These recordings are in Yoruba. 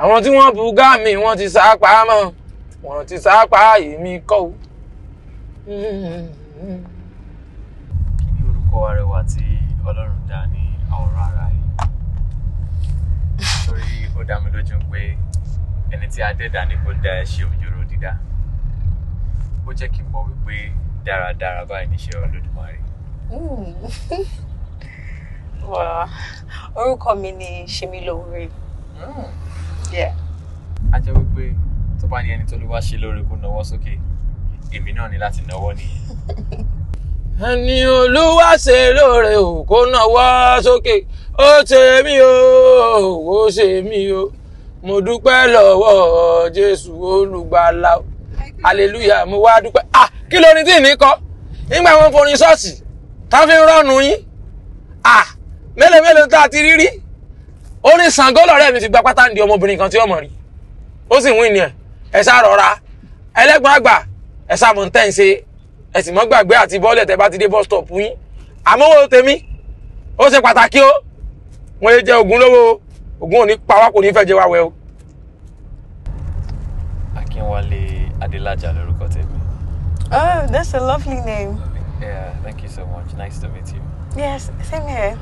àwọn tí wọ́n bu gáàmì wọ́n ti sá pa á mọ́ wọ́n ti sá pa á èmi kọ́ o. kí ni orúkọ arẹwà tí ọlọ́run dá ní àwòrán ara yìí torí ó dá mi lójú pé ẹni tí adẹ́dà ni kò dá ẹ ṣe òjòrò dídá ó jẹ́ kí n mọ̀ wípé dáradára báyìí níṣẹ́ olódùmarè. orúkọ mi ni ṣemilowore. Mm yeah. a jẹ́ wípé tó bá ní ẹni tó ló wá ṣe lóore kó nawọ́ sókè èmi náà ní láti nawọ́ nìyẹn. ẹni olúwa ṣe lóore o kó nawọ́ sókè ó ṣe mí o ó ṣe mí o mo dúpẹ́ lọ́wọ́ jésù olùgbàlà o hallelujah mo wá dúpẹ́ ah kí ló ní tí ní kọ́ nígbà wọn forin ṣọ́ọ̀ṣì tá a fi ń rọ́ọ̀nù yín ah mélòó mélòó tá a ti rí rí orin sàngọ́lọ̀ rẹ̀ mi ti gba pátá ń ọmọbìnrin kan tí ọmọ rí ó sì wí ni ẹ̀ ẹ̀ sá rọra ẹlẹ́gbọ̀n àgbà ẹ̀ sá mọ̀ ń ṣe ẹ̀ sì mọ́ gbàgbé àti bọ́ọ̀lù tẹ́ bá ti dé bus stop yín àmọ́wò tèmi ó ṣe pàtàkì o wọ́n yé jẹ́ ogun lówó ogun ò ní kò ní fẹ́ jẹ wá wẹ̀ o. Akínwálé Adélájà lórúkọ tèmi. Oh, that's a lovely name. Yeah, thank you so much. Nice to meet you. Yes, same here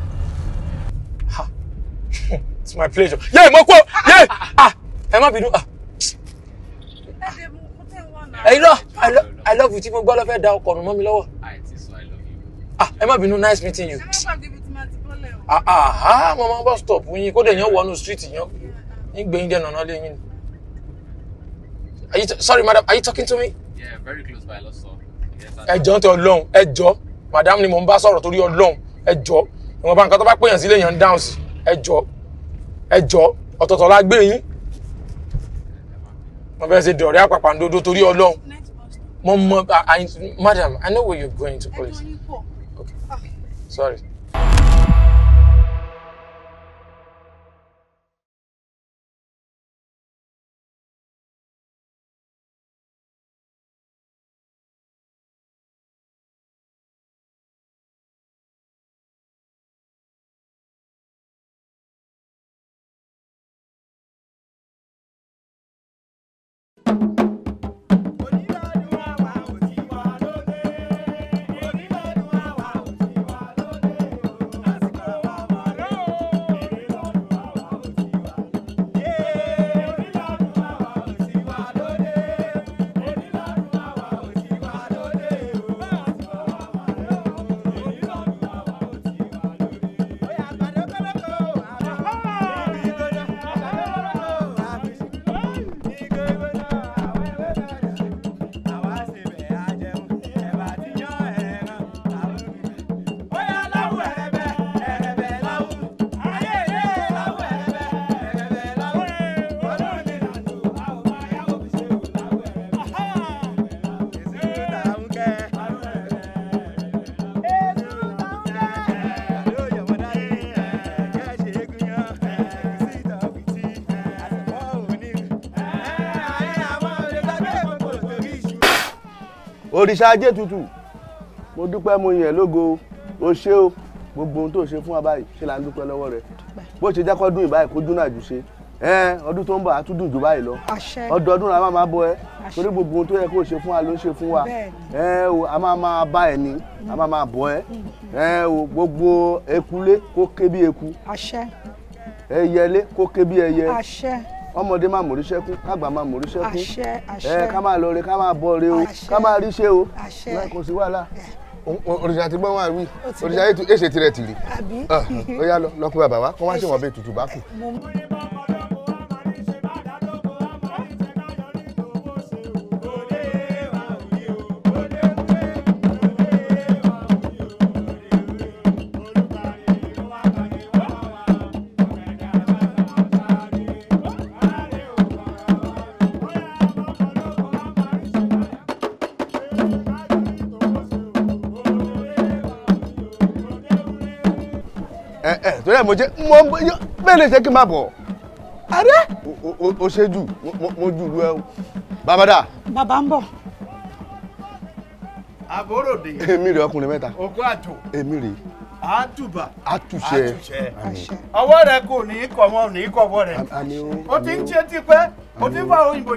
it's my pleasure. Yeah, mo kó yẹ́ẹ̀ ah ẹ má bínú ah. ẹyin lọ i love you tí mo gbọ́ lọ́fẹ́ da ọkọ̀ ọ̀nà mi lọ́wọ́. ah Emma, má bínú nice meeting you. ah ah mo máa bọ́ stop yín kó dẹ̀ yẹn wọnú street You know. You dẹ̀ nàná lé yín. Are you sorry, madam? Are you talking to me? Yeah, very close by lọ sọ. Ẹjọ́ ń tẹ Ọlọ́run, ẹjọ́, madam ni mò ń bá sọ̀rọ̀ torí Ọlọ́run, ẹjọ́, ìwọ̀nba nǹkan tó bá pèèyàn sílé yẹn ń ẹjọ́ ẹjọ́ ọ̀tọ̀ọ̀tọ̀ la gbé yín mo fẹ́ ṣe dọ̀rẹ́ àpàpàǹdodo torí ọlọ́run mo mọ madam i know where you're going to police okay sorry. òrìṣà ajé tutù mo dúpẹ́ mo yàn lógo o ṣé o gbogbo ohun tó ṣe fún wa báyìí ṣe là ń dúpẹ́ lọ́wọ́ rẹ bó ṣe jẹ́ kọ́dún ìbáyìí kó dúnà jù ṣe ọdún tó ń bọ̀ àtúndùn jù báyìí lọ ọdọọdún la máa bọ ẹ torí gbogbo ohun tó yẹ kó ṣe fún wa ló ń ṣe fún wa a máa máa bá ẹ ní a máa máa bọ ẹ gbogbo ekulé kó ké bí eku ẹyẹlé kó ké bí ẹyẹ ọmọdé máa mọ̀ oríṣẹ́ kú kágbà máa mọ̀ oríṣẹ́ kú àṣẹ àṣẹ ẹ ká máa lọ re ká máa bọ re o ká máa ríṣẹ́ o láì kò sí wàhálà òrìṣà ti gbọ́n wá wí òrìṣà yìí èsè tirẹ̀ tìrì ah, ah, ó yá lọ lọ pé bàbá wa kó wá ṣèwọ̀n bẹ́ẹ̀ tutù bá kù. bẹ́ẹ̀ mo jẹ́ mo bẹ́ẹ̀ lè jẹ́ kí n má bọ̀. ààrẹ. o ṣe jù mo jù lu ẹ o. babada. bàbá ń bọ̀. àbóròde. èmi rè ọkùnrin mẹ́ta. òkú àjò. èmi rè. àtùbà. àtùṣe. àtùṣe. ọwọ́ rẹ kò ní í kọ̀ wọn ní í kọ̀ wọ́ rẹ. o ti ń ṣe tipẹ́ o ti ń fa òyìnbó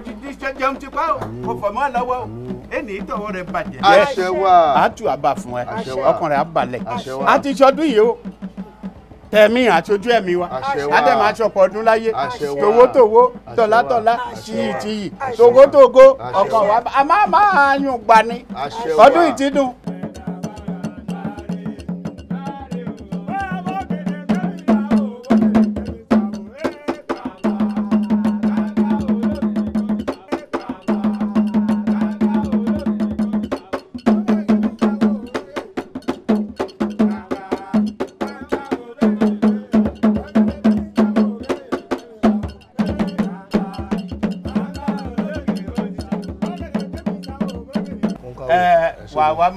jẹun tipẹ́ o kò fọ̀ mọ́ lọ́wọ́ o ẹnì tọwọ́ rẹ bàjẹ́. àṣẹ wa. àtù àbà fún ẹ ọkùnrin àbàlẹ̀ àti ìṣọdún yìí o tẹ̀mí àtọ́jú ẹ̀mí wa adẹ́mọ̀ aṣọpọ̀ ọdún láyé tòwótòwó tọ̀látọ̀lá tìyìtìyì tògótògó ọkàn wa a máa máa yùn gbani ọdún ìtìdùn.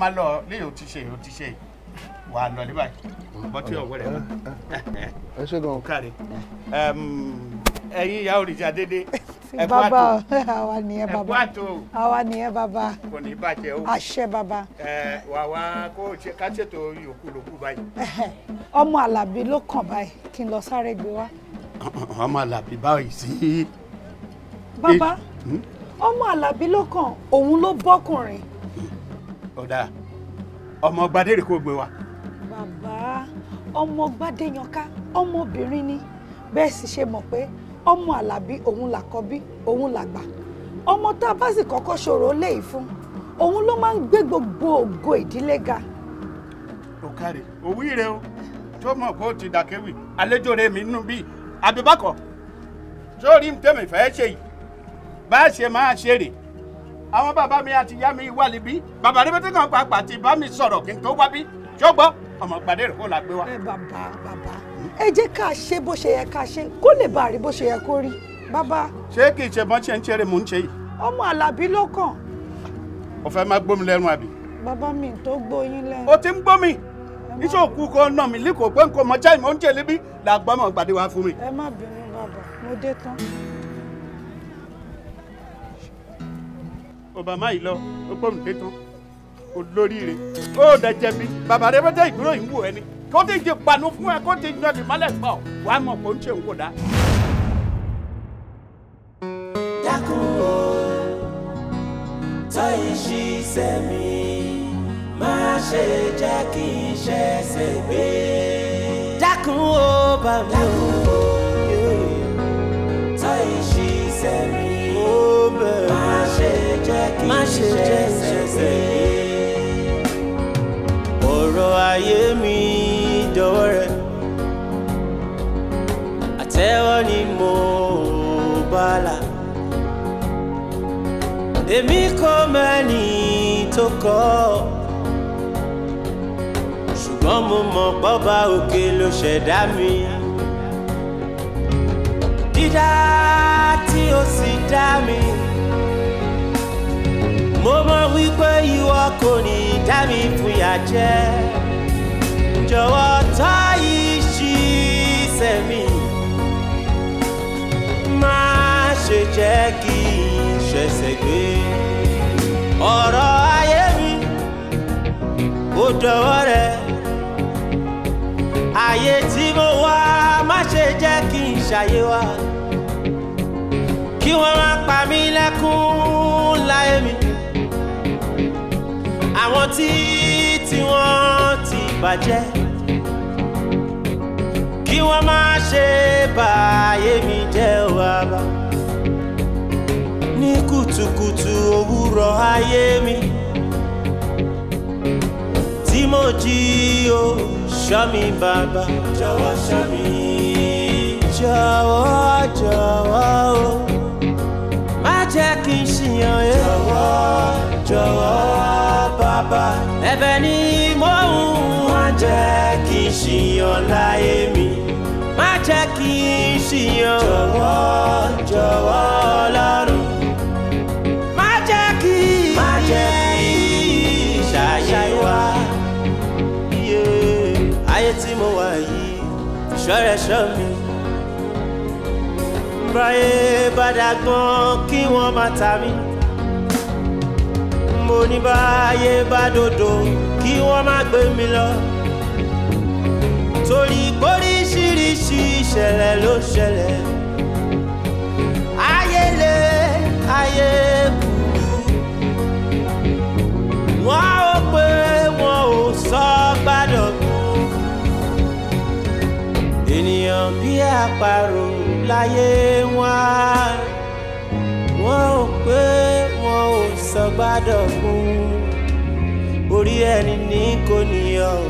máa lọ léyìn ó ti ṣe ó ti ṣe wà á lọ ní báyìí bọ́tí ọ̀wọ́ rẹ̀ mọ́. ẹ ṣe gan. ẹ̀yin ìyá òrìṣà dédé ẹ kú àtò àwa nìyẹn bàbá ẹ kú àtò àwa nìyẹn bàbá kò ní bàjẹ́ o àṣẹ bàbá. ẹ wà wá kó ká ṣètò yòókù lòókù báyìí. ọmọ alábí ló kàn báyìí kí n lọ sáré gbé wá. ọmọ alábí báyìí sí. bàbá hmm? ọmọ alábí ló kàn òun ló bọ́kùnrin ọ̀dà ọmọ gbadére kò gbé wa. bàbá ọmọ gbadéyanká ọmọbìnrin ni bẹ́ẹ̀ sì ṣe mọ̀ pé ọmọ alábí òun làkọ́bí òun làgbà ọmọ tá a bá sì kọ́kọ́ ṣòro léyìí fún òun ló máa ń gbé gbogbo ògo ìdílé ga. òkàrè òwú rẹ o tó mọ̀ kó o ti dàkéwì àlejò rẹ mi nù bíi àbíbákọ̀ sórí tèmi fẹ́ ṣe yìí bá a ṣe máa ṣe rèé àwọn bàbá mi àti ìyá mi wà níbí bàbá rẹpẹtẹ kan pàápàá ti bá mi sọ̀rọ̀ kí n tó wá bí ṣọgbọ ọmọ gbàdé rẹ kó la gbé wa. ẹ bàbá bàbá ẹ jẹ́ ká ṣe bó ṣe yẹ ká ṣe kó lè bá rí bó ṣe yẹ kó rí bàbá. ṣé kì í ṣe bọ́n ṣe ń ṣeré mò ń ṣe yìí. ọmọ alábí ló kàn. o fẹ́ máa gbómi lẹ́nu àbí. bàbá mi tó gbóyin lẹ́nu. ó ti ń gbómi iṣẹ́ òkú kan nà mí líkò pé nǹkan mọ́ jáì mọ́ ń jẹ́ lébi làgbọ́mọ̀ gbàdé wa fún mi. ẹ má bínú bàbá mo dé tán. obama yìí lọ ó gbóhùn dé tán olóríire ó dẹjẹbi bàbá rẹ bẹ́tẹ̀ ìdúró yìí wò ẹni kó ti jẹ panu fún ẹ kó ti jọ di mọ́lẹ̀ pa ọ wàá mọ̀ kó ń ṣe òun kò dá. dákun o tọ́ ìṣiṣẹ́ mi má ṣe jẹ́ kí n ṣègbè. dákun o bàbá o. má ṣe jẹ́ ìṣẹ̀ṣẹ̀ ọ̀rọ̀ ayé mi dọ̀wọ́ rẹ̀ àtẹ́wọ́ ni mo bá là èmi kò mẹ́ni tó kọ́ ṣùgbọ́n mo mọ̀ pọ́ba òkè ló ṣẹ̀dá mi dídá tí ó sì dá mi. mi fìyà jẹ jọ̀wọ́ tá ìṣí sẹ̀mí má ṣe jẹ́ kí n ṣẹ̀ṣẹ̀ gbé ọ̀rọ̀ ayé mi ó dọwọ́ rẹ̀ ayé tí mo wá má ṣe jẹ́ kí n ṣàyé wa kí wọ́n má pa mí lẹ́kún láyé mi àwọn tí tí wọ́n ti bàjẹ́ kí wọ́n má ṣe bàyè mi jẹ́ wàbá ní kùtùkùtù òwúrọ̀ ayé mi tí mo jí o ṣọ́ mi bàbá jọ̀wọ́ ṣọ́ mi jọ̀wọ́ jọ̀wọ́ o má jẹ́ kí n ṣìyàn ẹ́ eh. jọ̀wọ́ jọ̀wọ́ bàbá ẹ̀bẹ̀ ni mo ń. má jẹ́ kí n ṣìyàn láyé mi. má jẹ́ kí n ṣìyàn. jọ̀wọ́ jọ̀wọ́ ọlọ́run. má jẹ́ kí má jẹ́ kí ṣàyẹ̀wá. ayé tí mo wà yìí ṣọ́rẹ́ ṣọ́ mi báyé bá dàgbọ́n kí wọ́n má ta mí ní báyé bá dodo kí wọ́n má gbé mi lọ. torí póríṣiríṣi ìṣẹ̀lẹ̀ ló ṣẹlẹ̀. ayé le ayé kú. wọ́n ó pé wọn ò sọ gbàdọ̀gùn. ènìyàn bí àparò láyé wá. wọ́n ó pé sọgbádọ̀kun orí ẹni ní kò níyàn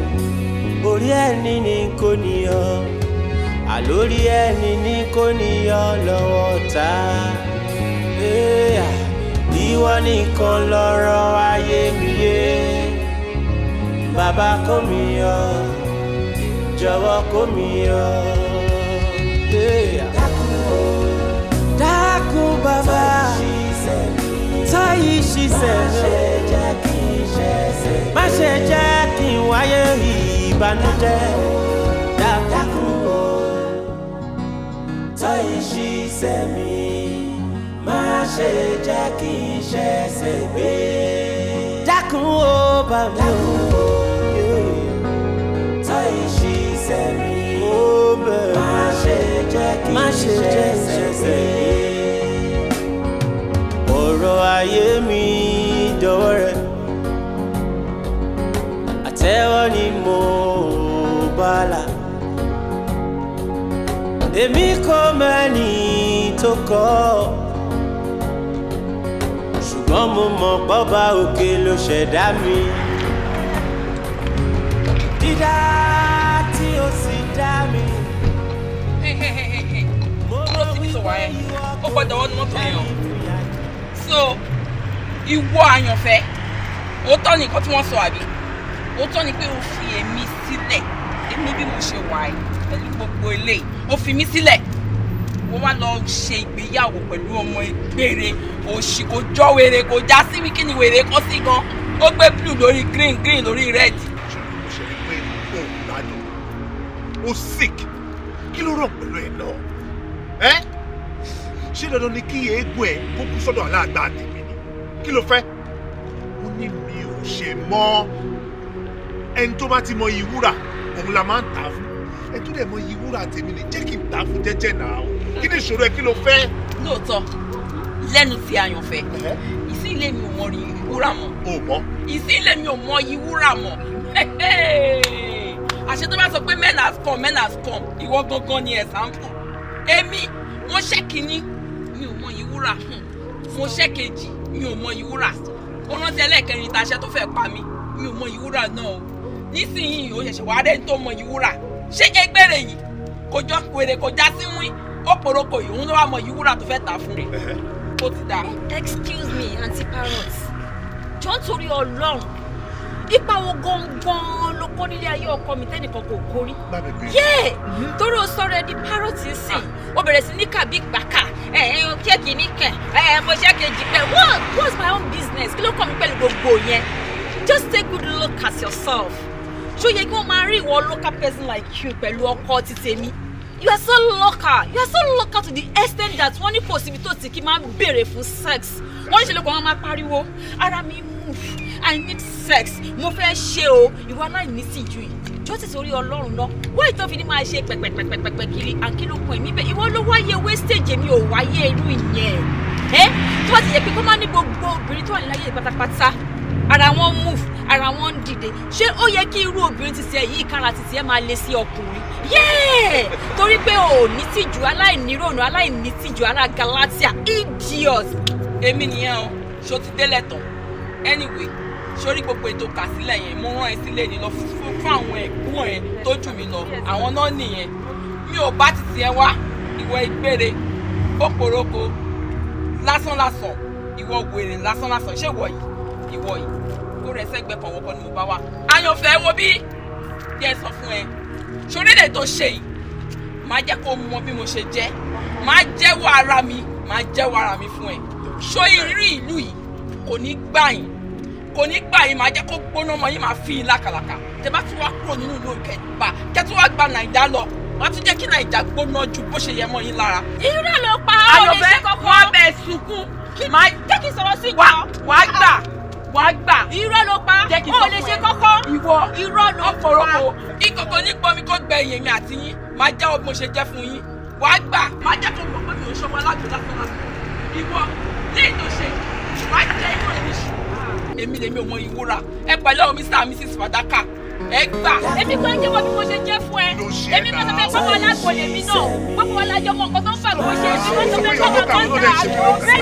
orí ẹni ní kò níyàn àlórí ẹni ní kò níyàn lọ́wọ́ ta eh, ah, ìwọ nìkan lọ́rọ̀ ayé mi yé bàbá kò mí yọ jọ̀wọ́ kò mí yọ. Hey. Eh. yìí ṣiṣẹ́ má ṣe jẹ́ kí n wáyé ìbànújẹ́ dákun tọ́ yìí ṣiṣẹ́ mi má ṣe jẹ́ kí n ṣe ṣe gbé dákun o bàbá o tọ́ yìí ṣiṣẹ́ mi má ṣe jẹ́ kí n ṣe ṣe gbé ọ̀rọ̀ ayé mi dọwọ́ rẹ àtẹ́wọ́ ni mo bá là èmi kò mẹ́ni tó kọ́ ṣùgbọ́n mo mọ̀ bọ́ba òkè ló ṣẹ̀dá mi dídá tí ó sì dá mi. mo rò wípé ìwọ kò gbọdọ̀ wọnú mọ́tò yẹn o ìwọ àyànfẹ́ òótọ́ ni nǹkan tí wọ́n sọ àbí òótọ́ ni pé o fi èmi sílẹ̀ èmi bí mo ṣe wà yìí pẹ̀lú gbogbo eléyìí o fi mí sílẹ̀ mo wá lọ ṣe ìgbéyàwó pẹ̀lú ọmọ ìgbére òṣì kò jọ wèrè kò já sí mi kí ni wèrè kọ́ sí gan ó gbé blue lórí green green lórí red. mo ṣe rí pé o gbádùn o sick kí ló rọ̀ pẹ̀lú ẹ̀ náà ṣé dandan ni kí eégún ẹ̀ kó kú sọ́dọ̀ aláàgbà ni kí ló fẹ́ ó ní mi ò ṣe mọ́ ẹni tó bá ti mọ iyì wúrà òun la máa ń tà fún ẹni tó dẹ̀ mọ iyì wúrà tèmi ni jẹ́ kí n tà fún jẹ́jẹ́ náà kí ni ìṣòro ẹ kí ló fẹ́. lóòótọ́ lẹ́nu ti àyànfẹ́ ìsí ilé mi ò mọ rí mọ́ ò mọ́ ìsí mi ò mọ iyì mọ́ àṣẹ tó bá sọ pé men has come men has come ìwọ gangan ni example èmi mo ṣe kínní mi ò mọ iyì wúrà hmm. mo ṣe mi ò mọ ìwúrà ó rántí ẹlẹ́ẹ̀kẹrin ìtaṣẹ́ tó fẹ́ pa mi mi ò mọ ìwúrà náà o nísìnyìí ó ṣẹ̀ṣẹ̀ wàá rẹ̀ ń tó mọ ìwúrà ṣé ẹgbẹ́rẹ̀ yìí kò jọ wèrè kò já sí wín ó poroko yìí òun ló wà mọ ìwúrà tó fẹ́ ta fún rẹ̀ ó ti dà. Eh, excuse me aunty parrot jọ nítorí ọlọ́run ipa wo gangan ló kó nílé ayé ọkọ mi tẹ́nìkan kò kórí. yéè mm-hmm. torí o sọ̀rọ̀ ẹ di parrot sí ó ah. bẹ̀rẹ̀ sí ní kàbí gbàkà. Eh, eh, ẹ ẹ ṣé kìíní kẹ ẹ eh, ẹ mo ṣe kejì pé what what's my own business kí ló kọ́ mi pẹ̀lú gbogbo yẹn just take good look at yourself ṣó yẹ kí wọ́n máa rí ìwọ local person like you pẹ̀lú ọkọ ti tèmi you are so local you are so local to the extent that wọ́n ní kò síbi tó ti kí máa ń béèrè fún sex wọ́n ní ṣe lóko wọn máa pariwo ara mi move i need sex mo fẹ́ ṣe o ìwọ aláìní sí ju ìjọ́sìn torí ọlọ́run náà wáyé tó fi ní máa ṣe pẹ̀pẹ̀pẹ̀pẹ̀pẹ̀ kiri àkínlùkùn èmi bẹ́ẹ̀ ìwọ ló wáyé wastage èmi ò wáyé irú ìyẹn ẹ tó bá ti yẹ pé kó má ní gbogbo obìnrin tó wà níláyé pátápátá ara wọn move ara wọn ń dìde ṣé ó yẹ kí irú obìnrin ti tiẹ̀ yìí kára ti tiẹ̀ máa lé sí ọkùnrin yéè torí pé ò ní tìjú aláìníròònù aláìní tìjú ara galatia idiot. èmi nìyẹn o ṣó ti délẹ̀ tán anyway sórí gbogbo ètò kà sílẹ̀ yẹn mo rán ẹ sílé ni lọ fún àwọn ẹ̀gbọ́n ẹ tó jù mí lọ àwọn náà nìyẹn mi ò bá títí ẹ wá ìwọ ìgbére òpòròkò lásánlásán ìwọ wèrè lásánlásán ṣé ìwọ yìí ìwọ yìí kó rẹ sẹgbẹ kan wọkọ ni mo bá wà. àyànfẹ́ wo bí díẹ̀ sọ fún ẹ sórí èdè tó ṣe yìí máa jẹ́ kó mọ bí mo ṣe jẹ́ máa jẹ́wọ́ ara mi máa jẹ́wọ́ ara mi fún ẹ ṣó irí ìlú yìí kò ní gbà yín kò ní gbà yín máa jẹ́ kó gbóná mọ́ yín máa fi yín lákàlàkà tẹ bá tún wá kúrò nínú ìlú kẹgbà kẹ tún wá gba nàìjà lọ wọ́n tún jẹ́ kí nàìjà gbóná ju bó ṣe yẹ mọ́ yín lára. irú ló pa ọ́ lè ṣe kọ́kọ́ wọ́n bẹ̀ sunkún jẹ́ kí sọ̀rọ̀ sí jọ. wàá gbà wàá gbà. irọ́ ló pa ó lè ṣe kọ́kọ́. ìwọ irọ́ ló pa ìkòkò nípa omi kò gbẹ ìyẹn mi àti yín máa jẹ́ ọgbọ́n ṣe jẹ́ tó ṣe èmi lèmi ò mọ ìwúra ẹ pẹ̀lú àwọn mr and mrs fadaka ẹ gbà. èmi kò ń jẹ́wọ́ bí mo ṣe jẹ́ fún ẹ èmi kò sọ pé pọ́pọ́ lèmi náà pọ́pọ́ alájọ mọ nǹkan tó ń fàgbọ́ ṣe èmi kò sọ pé pọ́pọ́ kan dà á náà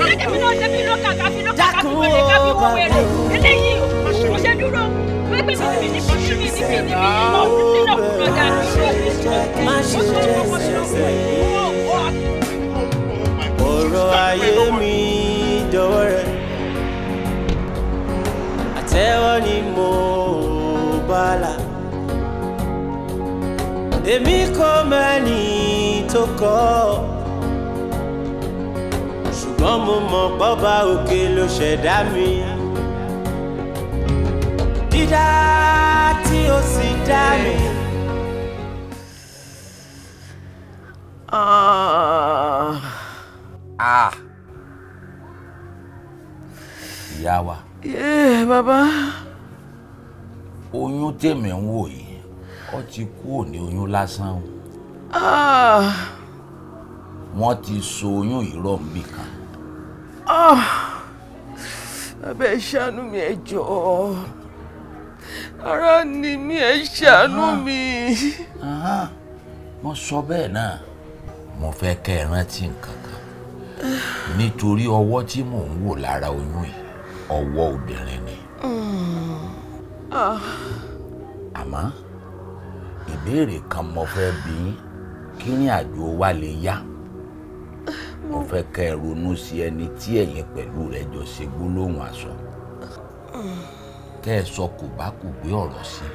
ṣe fi lókà káfí lókà káfí wẹ̀lẹ̀ káfí wẹ̀lẹ̀ eléyìí mo ṣe dúró pépé mi mi ni mi ni mi ni mo nínú ọkùnrin ọjà mi ṣe àtẹ́wọ́ ni mo bá là. èmi kò mẹ́ni tó kọ́ ṣùgbọ́n mo mọ̀ bọ́ba òkè ló ṣẹ̀dá mi. dídá tí ó sì dá mi. Ah. Ah. Ìyá wa yéè bàbá. oyún tèmi ń wò yìí ó ti kú òní oyún lásán o. Ah. wọ́n ti so oyún yìí rọ̀ nbì kan. abẹ́ ah. ṣàánú mi ẹ jọ̀ọ́ ara ni mi ẹ ṣàánú ah. mi. wọ́n sọ bẹ́ẹ̀ náà mo fẹ́ kẹ́ ẹ rántí nǹkan kan nítorí ọwọ́ tí mò ń wò lára oyún yìí ọwọ́ obìnrin ni. Hmm. Ah. àmọ́ ìbéèrè kan mo fẹ́ bí kí ní àjò wa lè yá mo fẹ́ kẹ́ ẹ ronú sí ẹni tí ẹ̀yin pẹ̀lú rẹ̀ jọ ṣe gbólóhùn aṣọ kẹ́ ẹ sọ kò bá kò gbé ọ̀rọ̀ sí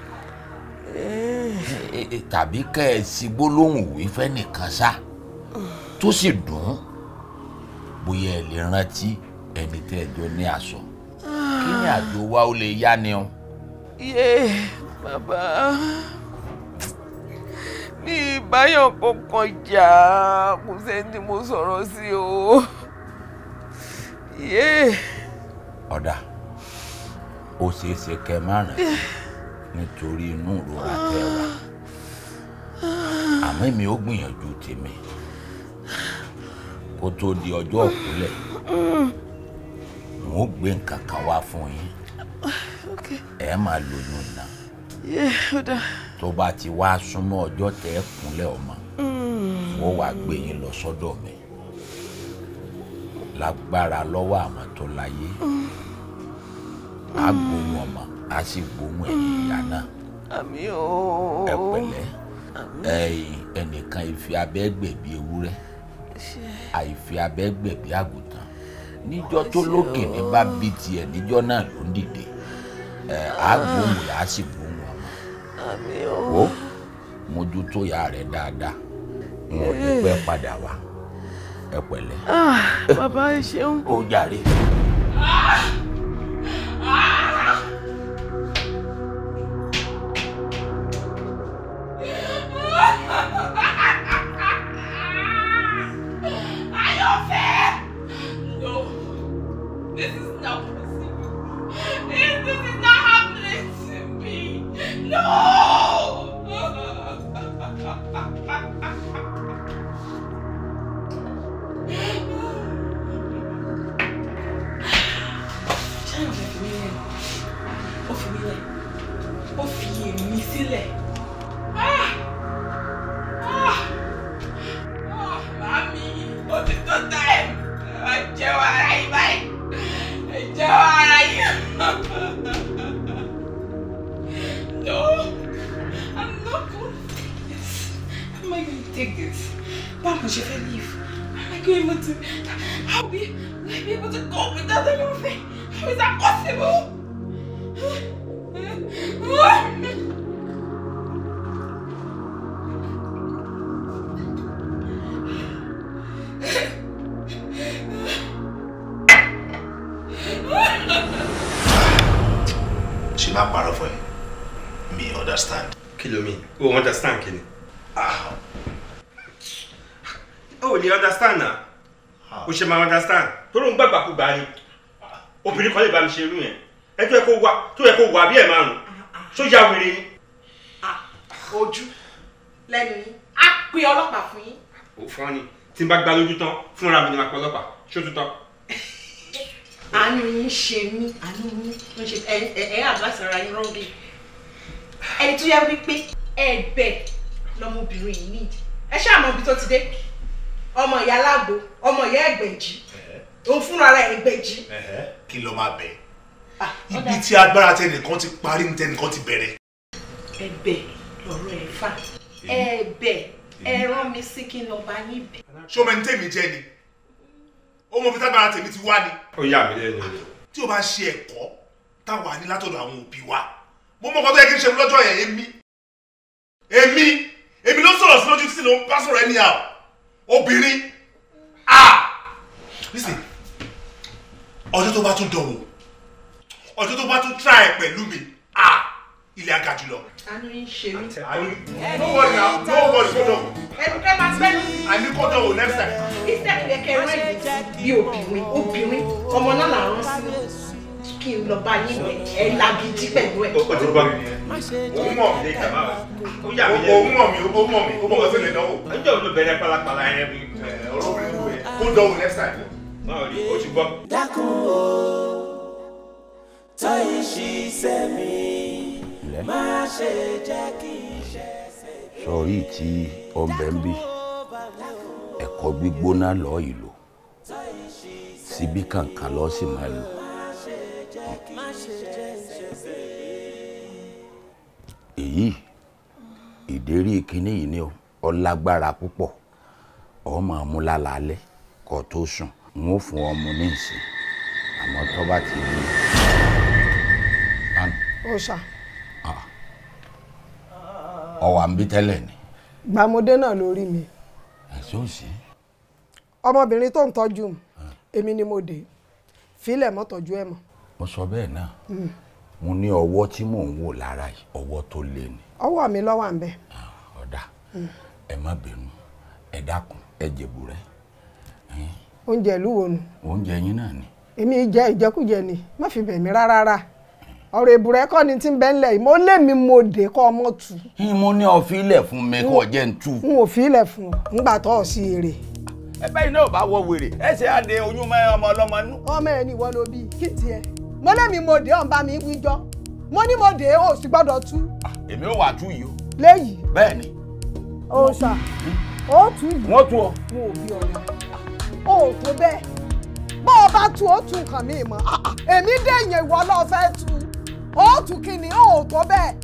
eh. Eh, tàbí kẹ́ ẹ sí gbólóhùn wí fẹ́ nìkan ṣá tó sì dùn bóyá ẹ lè rántí ẹni tẹ́ ẹ jọ ní aṣọ. kí ni àjò wa ó lè yá ni o. yé bàbá ní ìbáyọ̀ kankan jà kò sẹ́ni mo sọ̀rọ̀ sí o yé. ọ̀dà ó ṣeé ṣe kẹ́ má rìn nítorí inú ìrora tẹ́ wà àmọ́ èmi ó gbìyànjú tèmi kó tó di ọjọ́ òkúlẹ̀. wọn ò gbé nǹkan kan wá fún yín ẹ máa lóyún náà tó bá ti wá súnmọ́ ọjọ́ tẹ́ ẹ kúnlẹ̀ ọmọ wọ́n hmm. wàá gbé yín lọ sọ́dọ̀ mi lágbára lọ́wọ́ àwọn tó láyé á hmm. hmm. gbóhùn ọmọ á sì gbóhùn ẹ̀yìn ìyá náà ẹ pẹ̀lẹ́ ẹ̀yìn ẹnìkan ìfi abẹ́ gbẹ̀bí ewúrẹ́ àìfi abẹ́ gbẹ̀bí àgùntàn níjọ́ tó lókè ní bá bí tiẹ̀ níjọ́ náà ló ń dìde àgbóhùn yàá sì gbóhùn ọmọ wo mójútó ya. rẹ dáadáa wọn ò ní pẹ́ padà wá ẹ pẹ̀lẹ́. Ah, bàbá ẹ ṣeun. ó jàre. Ah! She má parọ́ fún ẹ mi understand. Kill me. Oh understand kí ni. Oh ah. you understand na ah. o ṣe máa understand tó ló ń gbàgbàkúgbà ni obìnrin kan lè bá mi ṣe irú yẹn ẹ tó yẹ kó wá tó yẹ kó wá bí ẹ márùn sójà wèrè ni. Ah, ojú lẹ́nu yín á pe ọlọ́pàá fún yín. ò fọ́ ni tí n bá gbá lójú tán fúnra mi ni màá pe ọlọ́pàá ṣó tuntun àánú yín ṣe mí àánú yín ń ṣe ẹ ẹ àdúrásì ara yín rọ́ọ̀bì ẹni tó yá wípé ẹ̀bẹ̀ lọmọbìnrin yìí nìyí ẹ ṣáà mọ ibi tó ti dé ọmọ ìyá alágbo ọmọ ìyá ẹgbẹ̀jì òun fúnra ara ẹgbẹ̀jì. kí ló máa bẹ̀ ah, ibi tí agbára tẹnìkan ti parí ní tẹnìkan ti bẹ̀rẹ̀. ẹ̀bẹ̀ lọ̀rọ̀ ẹ fà ẹ̀bẹ̀ ẹ rán mi sí kí n lọ bá yín bẹ̀. ṣọmọ ẹni tèmi jẹ ni ó mọ fita gbára tèmi ti wá ni. ó yà mí lẹ́nu. tí o bá ṣe ẹ̀kọ́ táwa ní látọ̀dọ̀ àwọn òbí wa mo mọ kọ́ tó yẹ kí n ṣe lọ́jọ́ yẹn èmi èmi èmi ló sọ̀rọ̀ sí lójú títí ló ń bá sọ̀rọ̀ ẹni àwọn obìnrin a. listen ọjọ́ tó bá tún dánwò ọjọ́ tó bá tún try pẹ̀lú mi a ilé aga jùlọ àánú yín ṣe mí. no worry na no worry kó dọ̀wọ̀. ẹ máa fẹ́ mi. àní kó dọ̀wọ̀ next time. instead yẹ kẹ rẹ́ bí obìnrin obìnrin ọmọ náà là ń rán sí kí n lọ bá yín wẹ̀ ẹ lagidi pẹ̀lú ẹ. o ti gbọ́ mi òun mọ̀ mi lè jàmbá o yà mí lẹ́nu. òun mọ̀ mi ó mọ̀ mi ó mọ̀ sí lè dánwò. ẹjọ́ ló bẹ̀rẹ̀ pálapàla ẹ̀ mi olóbìnrin ló yẹ kó dọ̀wọ̀ next time. báwo ni o ti gbọ́. dákun o tọ́ ìṣiṣẹ́ mi jẹ́ sọ̀rí tí ọbẹ̀ ń bí ẹ̀kọ́ gbígbóná lọ ìlò síbí kankan lọ sì máa lò. èyí ìdérí kínní yìí ni ó lágbára púpọ̀ ọ máa mú lálàálẹ̀ tó sùn n ó fún ọmọ ní ìsìn àmọ́ tó bá ti rí i. ó ṣá. ọwà ń bí tẹ́lẹ̀ ni. gbàmọdé náà ló mi. ẹsẹ ò ọmọbìnrin tó ń tọ́jú èmi ni mo dé filẹ̀ mọ́ tọ́jú ẹ̀ mọ́. mo sọ bẹ́ẹ̀ náà hmm. mo ní ọwọ́ tí mò ń wò lára yìí ọwọ́ tó lé ni. ọwọ́ mi lọ́wọ́ à ń bẹ̀. Ah, ọ̀dà hmm. ẹ má bínú ẹ dákun ẹ jẹ̀bù rẹ. oúnjẹ ìlú wo nu. oúnjẹ yín náà ni. èmi jẹ ìjẹkújẹ ni má fi bẹ̀ mí rárá. ọ̀rọ̀ ìbùrẹ́ kọ́ ni tí ń bẹ ńlẹ̀ yìí mo lé mi mo dé kọ́ ọmọ tù. mo ní ọ̀fi ilẹ̀ fún mi kò jẹ́ ń tù. n ò fi ilẹ̀ fún ọ ńgbà tó ọ̀ sí èrè. ẹ bẹ́ẹ̀ náà bá wọ wèrè ẹ ṣe á de oyún mọ́ ọmọ ọlọ́mọ nú. ọmọ ẹ ní ìwọ ló bí kí tiẹ̀ mo lé mi mo dé ọ̀nba mi wíjọ́ mo ní mo dé o sì gbọ́dọ̀ tú. Ah, èmi ò wà tú yìí o. léyìí. bẹ́ẹ̀ ni. o sà o tú yìí. wọ́n tú ọ. mo ò bí ọ ó tún kí ni ó tó bẹ́ẹ̀.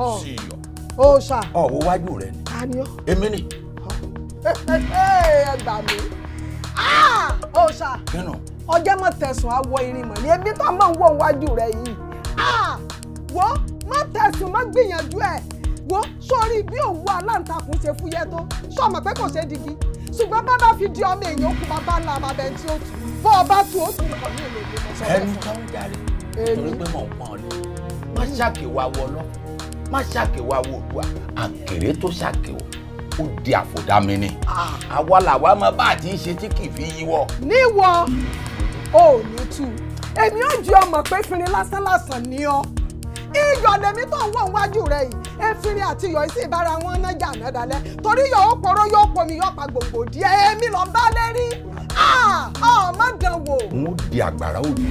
o sì yọ. o ṣá. ọ wo wájú rẹ ni. ta ni ọ. èmi ni. ẹ gbà mí. o ah! ṣá. kínú. ọjọ́ mọ̀ tẹ̀sán awọ irin mọ̀ ní ebi tó máa ń wọ̀ wájú rẹ yìí. Ah! wo má tẹ̀sán má gbìyànjú ẹ̀ wo sórí bí òwú aláǹtakùn ṣe fúyẹ́ tó sọ̀mọ̀ pé kò ṣe digi ṣùgbọ́n bá bá fi di ọmọ èèyàn kú bá bá la bàbá ẹni tí ó tù bọ́ ọ bá tù ó tù ní èlò ìgbìmọ̀ sọ́kẹ́ fún un. ẹnu táwọn jáde torí pé mọ̀ pọ́n rí má ṣàkèwà wọ lọ má ṣàkèwà wọ òdua àkèrè tó ṣàkèwò ó di àfòdámi ni ah, àwa làwa máa bá àti ṣe tí kì í fi yíwọ. níwọ o ò ní tú èmi ò jí ọmọ pé fínrin lásán lásán ni ọ iyọ̀ lèmi tó ń wọ̀ wájú rẹ yìí efinrin àti iyọ̀ sì bára wọn ná jà náà dalẹ̀ torí yọ̀ ó poró yóò pomi yọ̀ pa gbòǹgbò díẹ̀ èmi lọ bá lérí ah, ọmọ dànwó. n di àgbàrá òní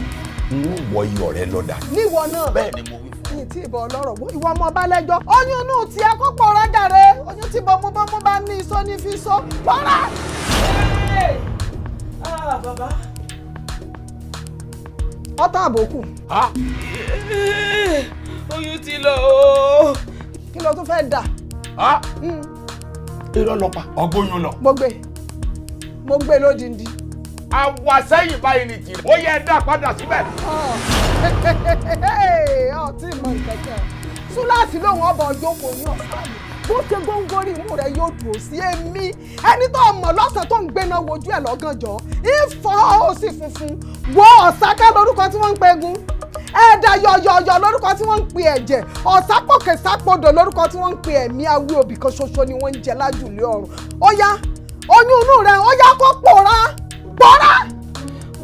n ó wọ iyọ̀ rẹ lọ dànù. níwọ náà bẹ́ẹ̀ ni mo wí fún mi tí ìbọn ọlọ́rọ̀ wo ìwọ ọmọ ọba lẹ́jọ́ oyún inú ti akọ́pọ̀ rájà rẹ oyún tí bọ́múbọ́mú bá ní iṣó ní fi so wọ́rà. Ah, bàbá. ọ̀tá àbòkù. oyún ti lọ o. kí ló tún fẹ́ dà. Hmm. irọ́ lọ pa ọgbóyún lọ. mo gbé mo gbé lódìndín àwa sẹ́yìn báyìí ni tì ó yẹ dá padà síbẹ̀. ọtí mọ ìkẹ̀kẹ́ súláàsì lòun ọba ọjọ́kọ̀ ní ọ̀sán mi bó ṣe góńgóri imú rẹ yóò dùn sí èmi ẹni tó mọ̀ lọ́sàn tó ń gbéná wojú ẹ̀ lọ́gànjọ́ ìfọ́ òsì funfun wọ ọ̀sáká lórúkọ tí wọ́n ń pegun ẹ̀ẹ́dà yọ̀yọ̀yọ̀ lórúkọ tí wọ́n ń pe ẹ̀jẹ̀ ọ̀sápọ̀kẹ̀sápọ̀dọ̀ lórúkọ tí wọ́n ń pe ẹ̀mí awí òbí kan ṣoṣo ni wọ́n ń jẹ lájùlé ọ̀run ó yá oyún inú rẹ̀ ó yá kó pòórá pọ́nrá.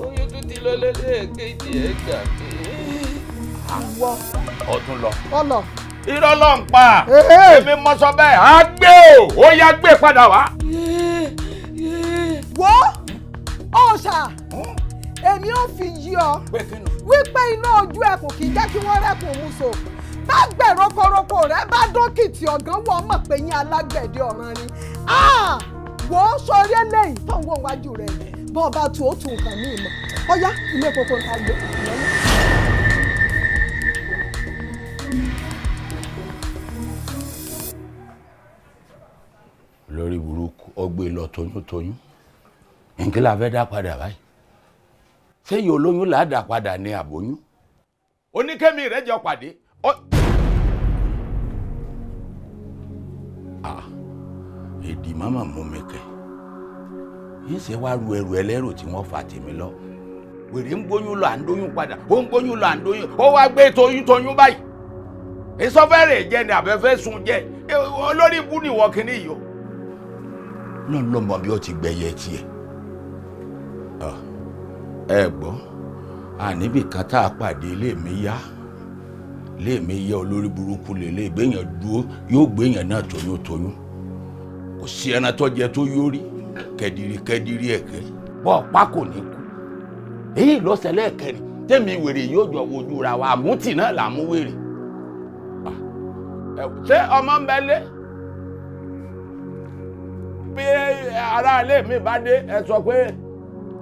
oyún tó ti lọ lẹ́lẹ́kejì ẹ̀ gbà pé. àwọ. ọdún lọ. ọlọ. irọ́ ló ń pa èmi mọ sọ bẹ́ẹ̀ á gbé o ó yá gbé e padà wá. wo ọ̀sà hmm? èmi ò fi yí ọ wípé iná ojú ẹkùn kì í jẹ́ kí wọ́n rẹ́kùn mú so bá gbẹ̀rọ koroko rẹ bá dókìtì ọ̀gán wọ́n mọ̀ pé yín alágbẹ̀dẹ ọ̀ràn ni ah! wò ó sọ orí eléyìí tó ń wọ́n wájú rẹ̀ yìí. bọ́ọ̀ bá tu ó tu nǹkan ní ìmọ̀ ọ̀yá ilé koko ta gbé lọ́nà. lórí burúkú ọgbẹ́ lọ toyúntoyún nǹkan la fẹ́ dá padà báyìí sẹ́yìn olóyún là á dà padà ní àbóyún. oníkẹ́mi rẹ̀ jọ pàdé. Ah, èdè má mà mú mi kẹ́. yín ṣe wá ru ẹrù ẹlẹ́rù tí wọ́n fa tèmi lọ wèrè ń gbóyún lọ à padà ó ń gbóyún lọ à ó wá gbé toyún toyún báyìí ni àbẹ́fẹ́ sun jẹ olórí ibú ni ìwọ kìíní yìí o. ti gbẹyẹ tiẹ ẹ gbọ́ a pàdé ilé yá ilé yá olórí burúkú lélẹ́ dúró yóò gbéyàn náà toyún toyún kò sí tó yóò kẹdìrì kẹdìrì ẹ̀kẹ́ bọ́ ọ̀pá kò ní kú èyí lọ́sẹ̀lẹ̀ kẹrin tẹ́mi wèrè yóò jọ wojú ra wa àmútì náà là mú wèrè ah, ṣé ọmọ ń bẹ lé bí aráalé mi bá dé ẹ sọ pé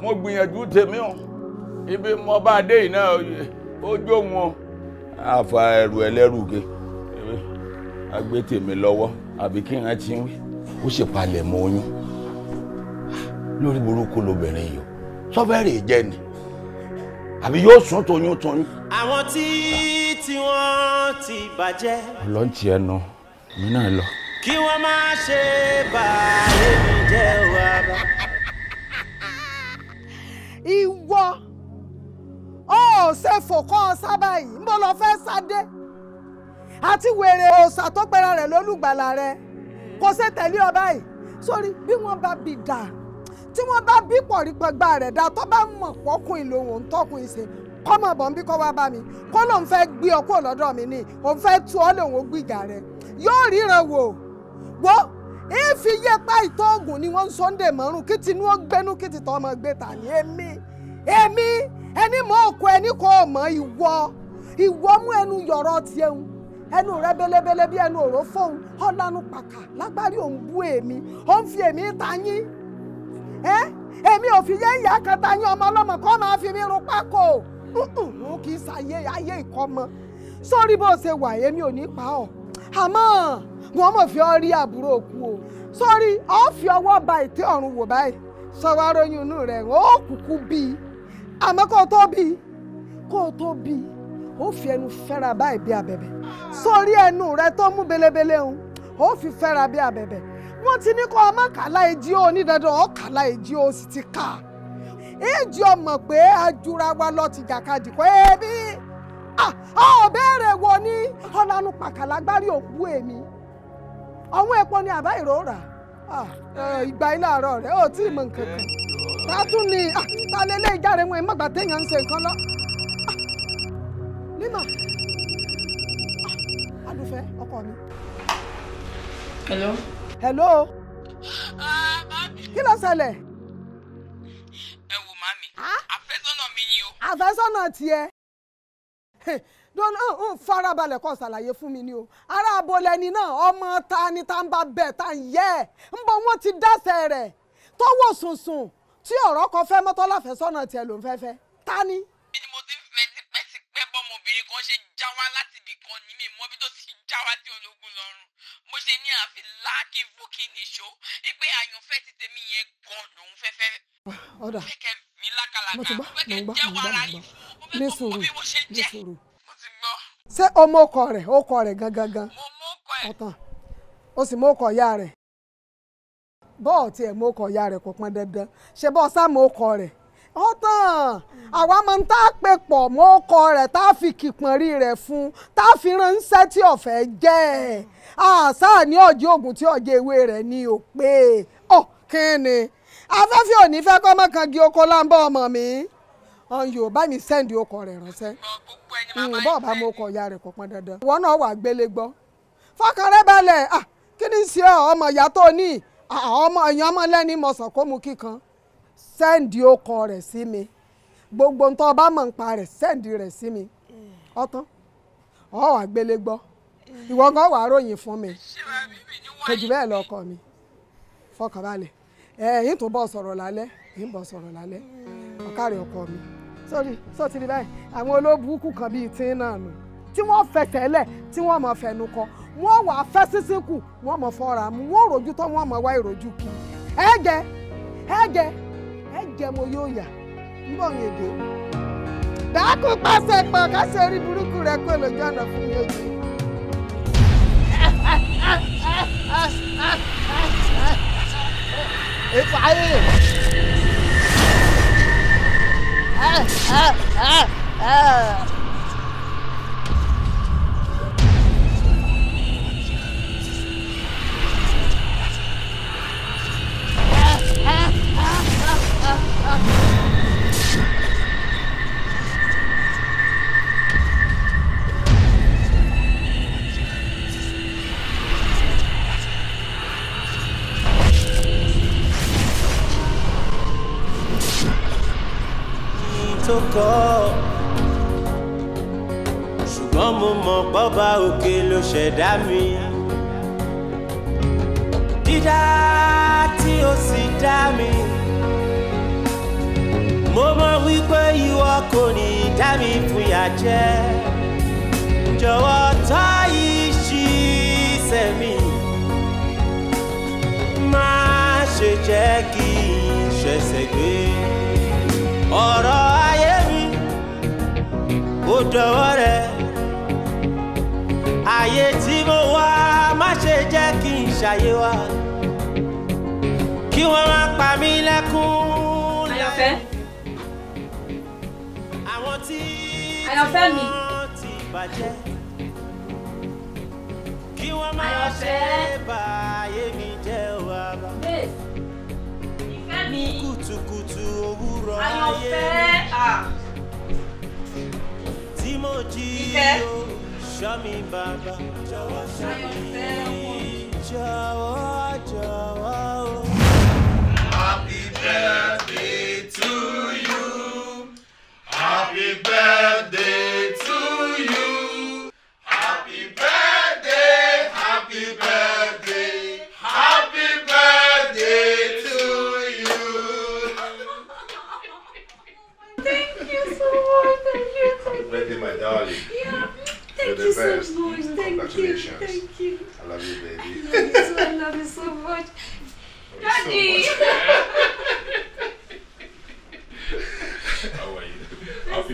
mo gbìyànjú tèmi o ibi mo bá dé yìí náà ó jó wọn àfa ẹrù ẹlẹ́rùge agbé tèmi lọ́wọ́ àbí kí n rántí wí ó ṣèpalẹ̀ mọ́ oyún lórí burúkú lobìnrin yìí sọfẹ́rì jẹ́ ni àbí yóò sún toyún toyún. àwọn tí tí wọ́n ti bàjẹ́. ọlọ́ntì ẹnu mi náà lọ. kí wọ́n má ṣe bà èmi jẹ́ wà bá. ìwọ ó ṣe fòkàn sábà yìí ń bọ́ lọ fẹ́ sáde àti wèrè òòṣà tó pera rẹ̀ lólùgbàlà rẹ̀ kò ṣe tẹ̀lé ọ báyìí sórí bí wọ́n bá bi dà tí wọ́n bá bí pọ̀rípọ̀gbà rẹ̀ dá tó bá mọ̀ pọ́kùn ìlòhùn ń tọ́kùn ìsìn kọ́mọ̀ bọ̀ ń bí kọ́ wá bá mi kó lóun fẹ́ gbé ọkọ̀ lọ́dọ̀ mi ni òun fẹ́ tu ọ́ lòun ó gbìgà rẹ̀ yóò ríran wò wò èéfì yẹpa ìtọ́ọ̀gùn ni wọ́n ń sunday mọ́rùn kí tinú ó gbénú kí titọ́ ọmọ gbé ta ni èmi èmi ẹni mọ òkú ẹni kò mọ ìwọ ìwọ mú ẹnu yọ̀rọ̀ tiẹ̀ ń ẹnu rẹ belebele bí ẹnu òró fóun ọ̀lànà pàkà lágbárí òun bú èmi òun fi èmi ta yín èmi ò fi yé ìyá kan ta yín ọmọ ọlọ́mọ kọ́ máa fi mi rún pákó n kì í ṣàyè ayé ìkọ́mọ sórí bó ṣe wà èmi ò ní pa ọ́ àmọ́ wọn mọ̀ fi ọ́ rí àbúrò òkú o sórí ọ́ fi ọwọ́ ba ètè ọ̀run wò báyìí sọ̀rọ̀ aróyún inú rẹ̀ ó kúkú bíi àmọ́ kó o tó bíi kó o tó bíi ó fi ẹnu fẹ́ra báyìí bí abẹ̀bẹ̀ sórí ẹnu rẹ tó mú belebele ń ó fi fẹ́ra bí abẹ̀bẹ̀ wọ́n ti ní kọ́ ọmọ kàlá èjì ó ní dandan ọ́ kàlá sì ti kà pé ajura wa lọ ti jàkadì kọ́ ẹbí ọ̀bẹ̀rẹ̀ wo ni ọ̀lànà pàkàlà gbárí òkú èmi epo ni àbá ìrora ìgbà àárọ̀ tí ì mọ nǹkan kan ni ta lé hello. Ah, kí ló ṣẹlẹ̀. ẹ wò màmí àfẹ́sọ́nà mi ni o. àfẹ́sọ́nà tiẹ̀ don uh, uh, farabalẹ̀ kọ́ ṣàlàyé fún mi ni o ará abolẹni náà ọmọ ta ni ta ń bá bẹ̀ ta ń yẹ ẹ̀ ń bọ wọn ti dẹ́sẹ̀ rẹ̀ tọwọ́ sùnsùn tí ọ̀rọ̀ kan fẹ́ mọ́tọ́lá fẹ́ tiẹ̀ ló ń fẹ́ fẹ́ ta ni. mi ni mo ti ń fẹ́ tipẹ́tipẹ́ bọ́mọbìnrin kan ṣe já wa láti ibì kan ní mi mọ́ bí tó ti já wa tí olówó mo ṣe ní àfi láàkì bókì nìṣó ipe àyànfẹ́ ti tèmi yẹn gan lòún fẹ́fẹ́. ọ̀dà mo ti gbọ́ mo ń gbọ́ mo ń gbọ́ mo ń gbọ́ ní sùúrù ní sùúrù. ṣé o mọ ọkọ rẹ̀ ọkọ rẹ̀ gangan gan o sì mọ ọkọ ìyá rẹ̀ bọ́ọ̀ tiẹ̀ mọ ọkọ ìyá rẹ̀ kò pọn dandan ṣe bọ́ọ̀ sá mọ ọkọ rẹ̀ ó tàn àwa máa ń tá a pè pọ̀ mọ́ ọkọ rẹ̀ tá a fi kìpọ̀nrí rẹ̀ fún tá a fi ránṣẹ́ tí ọ̀fẹ́ jẹ́ àṣà ní ọ̀jẹ̀ ògùn tí ọ̀jẹ̀ ewé rẹ̀ ni ò pé ọ̀ kí ni afẹ́fẹ́ ò ní fẹ́ kọ́ mọ́ kan gi oko láńbọ̀ ọmọ mi ọ̀yọ́ bá mi sẹ́ndì ọkọ rẹ̀ ránṣẹ́ hmm, bọ́ọ̀ bá mọ ọkọ ìyá rẹ̀ kò pọn dandan ìwọ náà wà gbélé gbọ́ fọkàn rẹ balẹ̀ kí ni ṣe ọmọ ìyá tó ní ọmọ èèyàn ọmọ lẹ́ni mọ̀sán kó mu kíkan sẹ́ǹdì ọkọ rẹ̀ sí mi gbogbo ntọ́ ọba mọ̀ nípa rẹ̀ sẹ́ǹdì rẹ̀ sí mi ọtán ọ̀ wà gbélé gbọ́ ìwọ gan ròyìn mi kò jù bẹ́ẹ̀ mi fọkànbalẹ̀ ẹ̀yìn tó bọ̀ sọ̀rọ̀ lálẹ́ ẹ̀yìn bọ̀ sọ̀rọ̀ lálẹ́ ọ̀kárẹ̀ ọkọ mi sórí sóti rí báyìí àwọn olóbùkù kan bíi tí nù tí wọ́n tẹ́lẹ̀ tí wọ́n fẹnu kọ wọ́n wà fẹ́ sísí kù wọ́n fọ́ra mu wọ́n rojú tán wọ́n ẹ jẹ́ mo yóò yà ń bọ̀ yẹn dé. dákun pàṣẹ pọ̀ káṣẹ orí burúkú rẹ kó lójú ọ̀nà fún mi ojú. ètò Ah, ah, ah, ah.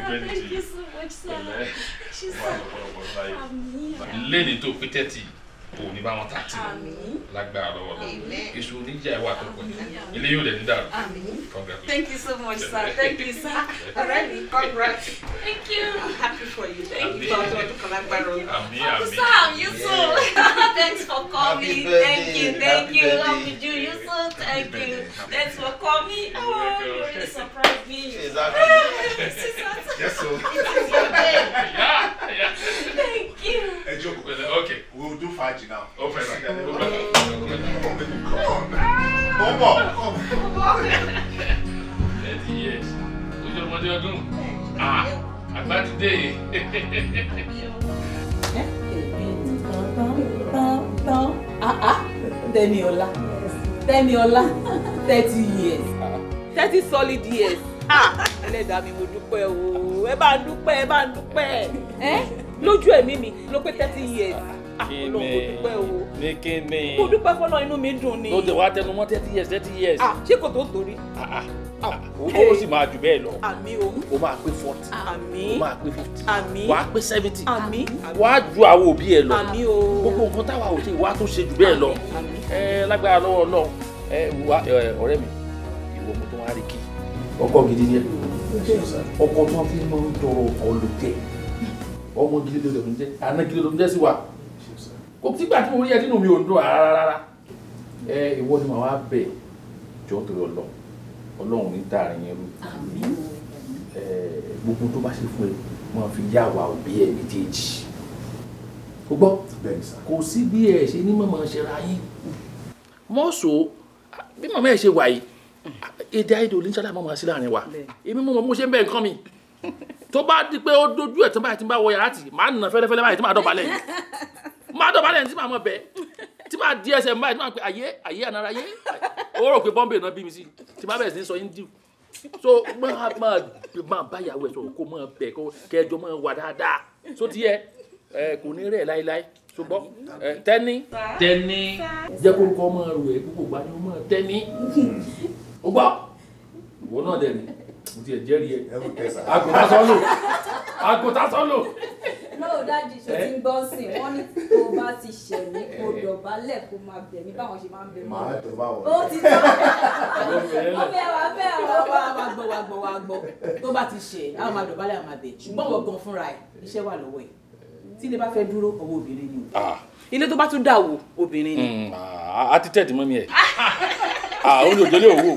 thank you so much sir. lẹ́ni tó pé tẹ́tì kò ní bá wọn ta tí lágbára lọ́wọ́ lọ èso oníjà ìwà tó pọ̀ ilé yóò lẹ̀ ní dàrú. thank you so much sir thank you sir already congrats. Thank you. I'm happy for you. Thank Abi. you for coming to Kalakbaro. Ami, Ami. Sam, you too. Yeah. Thanks for calling. Thank you. Thank Happy you. Love you. You too. Thank Happy you. Happy Thanks for coming. Oh, you really surprised me. Exactly. yes, so. It's your day. Yeah, yeah. Thank you. Hey, é Joe. Okay. We'll do Faji now. Open. Open. Open. Come on. Come on. Come on. Come on. 30 you Who's your mother? Ah. àgbàdìde yìí. Ah, ah. tẹ́mi ọlá tẹ́mi ọlá thirty years thirty solid years ah, ẹlẹ́dàá mi mo dúpẹ́ o ẹ bá ń dúpẹ́ ẹ bá ń dúpẹ́ lójú ẹ̀mí mi ló pé thirty years kíni ní kíni. mo dúpẹ́ fọlọ́ inú mi dùn ni. ló dé tẹnu mọ́ thirty years thirty years. ṣé kò tó torí owó ah, ah. sì máa jù bẹ́ẹ̀ lọ o máa pé forty o máa pé fifty wàá pé seventy wàá ju àwọn òbí ẹ lọ gbogbo nǹkan táwa ò ṣe wàá tó ṣe jù bẹ́ẹ̀ lọ lágbára lọ́wọ́ náà ọ̀rẹ́ mi ìwọ mo tó wá rí kí ọkọ gidi ni ọkọ tó fi máa ń tọrọ ọkọ ló ọmọ gidi ló ló jẹ àná gidi ló ń jẹ sí wa kò sígbà tí mo rí ẹ nínú mi ò ń dùn rárá rárá ìwọ ni màá wá bẹ̀ jọ́ torí ọlọ́run ọlọ́run ní dàrin yẹn rú gbogbo tó bá ṣe fún ẹ wọn fi yá wa òbí ẹ méjèèjì ó gbọ́ kò sí bí ẹ ṣe ní mọ̀mọ́ ṣe ra yín mọ́ọ̀sọ bí màmá ẹ ṣe wà yìí èdè àìdè ò lè ń ṣàlàyé mọ́mọ́ sí láàrin wa èmi mọ̀ mo ṣe ń bẹ nǹkan mi tó bá di pé ó dojú ẹ̀ tó báyìí ti bá wọ yàrá tì máa nà fẹ́lẹ́fẹ́lẹ́ báyìí tó máa dọ̀bálẹ̀ máa dọ̀bálẹ̀ ní tí màmá bẹ́ẹ̀ tí máa di ẹsẹ̀ mbáyé tí máa pe ayé ayé ànára ayé ó rò pé bọ́m̀bì náà bí mi sí tí máa bẹ̀rẹ̀ sí sọ yín dìbò so máa máa máa báyàwó ẹ̀ sọ̀rọ̀ kó máa bẹ̀ kó kẹjọ máa wà dáadáa so ti yẹ ẹ kò ní rẹ̀ láéláé so gbọ́ ẹ tẹ́ni tẹ́ni jẹ́ kó kọ́ máa rò ẹ́ gbogbo gbani ó máa tẹ́ni ó gbọ́ ìwọ náà dẹ̀ ni mo ti ẹ̀ jẹ́rìí ẹ̀ àgùntà sọ́lò àgùntà sọ́lò dájú ṣe ti ń eh? gbọ́ sí i wọ́n ní tó bá ti ṣẹ̀ mí kó eh. dọ̀bálẹ̀ kó máa bẹ̀ mí báwọn ṣe máa ń bẹ̀ mí. màá tó bá wọ̀ ó ti tọ́ ó fẹ́ wá fẹ́ wá wá gbọ́ wá gbọ́ wá gbọ́ tó bá ti ṣẹ̀ á máa dọ̀bálẹ̀ á máa bẹ̀ ṣùgbọ́n wọ́n gan fúnra ẹ̀ iṣẹ́ wà lọ́wọ́ ẹ̀ tí ilé bá fẹ́ dúró ọwọ́ obìnrin ni ah. ilé tó bá tún dà wò obìnrin ni. Hmm, ah, a ti tẹ̀ mọ́ mi ẹ̀ ah. olùjọ́lé òwò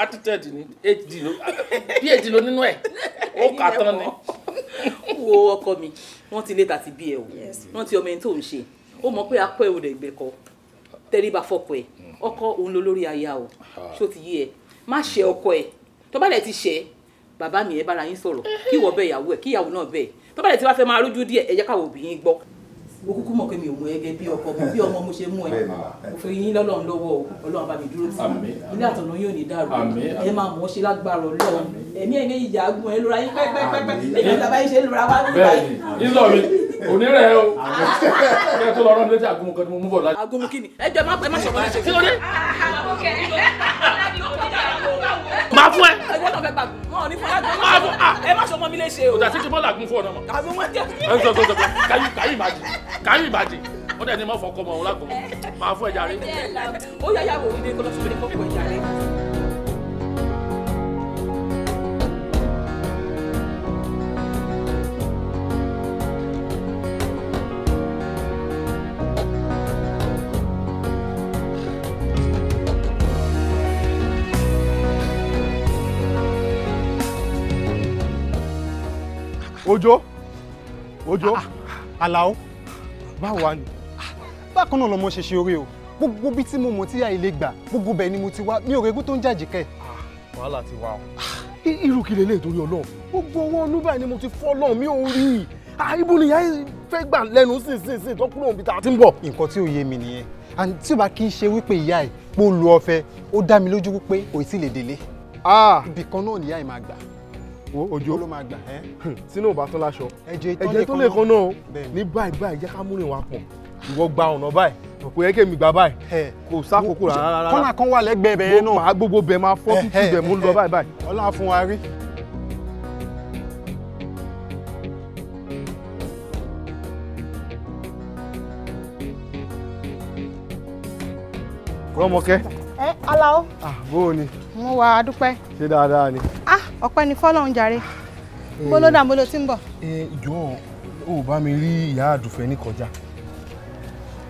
a ti tẹ̀ ní phd ló nínú ẹ̀ ó kà tán ni wo ọkọ mi wọ́n ti lé tàti bí ẹ o wọ́n ti ọmọ ẹni tó ń ṣe ó mọ̀ pé akọ ẹ ò dẹ̀ gbẹ̀kọ tẹríba fọkọ ẹ ọkọ òun ló lórí aya o ṣó ti yé ẹ má ṣe ọkọ ẹ tó bá dẹ̀ ti ṣe bàbá mi ẹ bára yín sọ̀rọ̀ kí ìwọ bẹ ìyàwó ẹ kí ìyàwó náà bẹ tó bá ti wá fẹ́ máa rújú díẹ̀ ẹ jẹ́ káwọn obìnrin gbọ́ mo kúkú mọ̀ pé mi ò mú ẹgẹ́ bí ọkọ mo bí ọmọ mo ṣe mú ẹ mo yín lọ́lọ́run lọ́wọ́ o ọlọ́run bá mi dúró sí i ilé àtọ̀nà yóò ní dàrú ẹ máa mọ̀ ọ́ ṣe lágbára ọlọ́run ẹ̀mí ẹ̀mí ìyá agun ẹ lóra yín pẹ́pẹ́pẹ́pẹ́ èmi ìjọba yín ṣe lóra wá nígbà yìí. o kí ẹ tó lọ rán létí agunmu kan ni mo mú bọ̀ láti. agunmu kí ni máa fún ẹ. ẹgbẹ́ náà fẹ́ gbà wọn ò ní fún ẹ. Ah. máa ẹ má sọ ọmọ mi léṣe o. ọjà títí bọ́ọ̀lù àgùn fún ọ̀nà mọ̀. àbí wọ́n jẹ́. ẹ ń sọ sọ sọ káyí káyí ìbàdí káyí ìbàdí ó dẹ̀ ní mọ́ fọkọ mọ́ òun lágùn máa fún ẹja rẹ. ó yá yà wò ó ní kó lọ Òjó Òjó Àlàó báwo wá ni bákan náà lọmọ ṣe ṣe orí o gbogbo bí tí mo mọ̀ tí àìlè gbà gbogbo bẹ́ẹ̀ ni mo ti wá mi ò regún tó ń jàjìkẹ́. Ah, wàhálà ti wá o. Ah, irú kí lélẹ́yìn torí ọlọ́run gbogbo owó ọdún báyìí ni mo ti fọ́ lọ́run mi ò rí i àìbù nìyá fẹ́ gbà lẹ́nu sínsìnsìn tó kúrò níbi tá a ti ń bọ̀. nǹkan tí ò yé mi nìyẹn àti tí ò bá kí n ṣe wípé ìyá ẹ̀ pé ó lu ọ̀fẹ́ ó dá mi lójú wípé kò tí lè délé. Ah. ibì kan náà nìyá ẹ̀ máa gbà ojo ló máa gbà ẹ́. sínú ìbá tó láṣọ ẹ̀jẹ̀ tó lè kan náà ní báyìí báyìí jẹ́ ká múrin wa pọ̀ ìwọ gba ọ̀nà báyìí kò yẹ kí èmi gbà báyìí kò sákòókò rárá. kọ́nà kan wà lẹ́gbẹ̀ẹ́ bẹ̀rẹ̀ náà. mo máa gbogbo bẹ̀ máa fọ́ tútù bẹ̀ mo ń lọ báyìí báyìí. ọlá fún wa rí. rọmọkẹ. ẹ aláwọ. àbó ah, ni mo wà á dúpẹ́. ṣé dáadáa ni. ah ọpẹ́ ni fọ́lọ́run jàre bó ló dà bó ló ti ń bọ̀. ẹ eh, eh, jọ̀ọ́ ò bá mi rí ìyá àdùfẹ́ ní kọjá.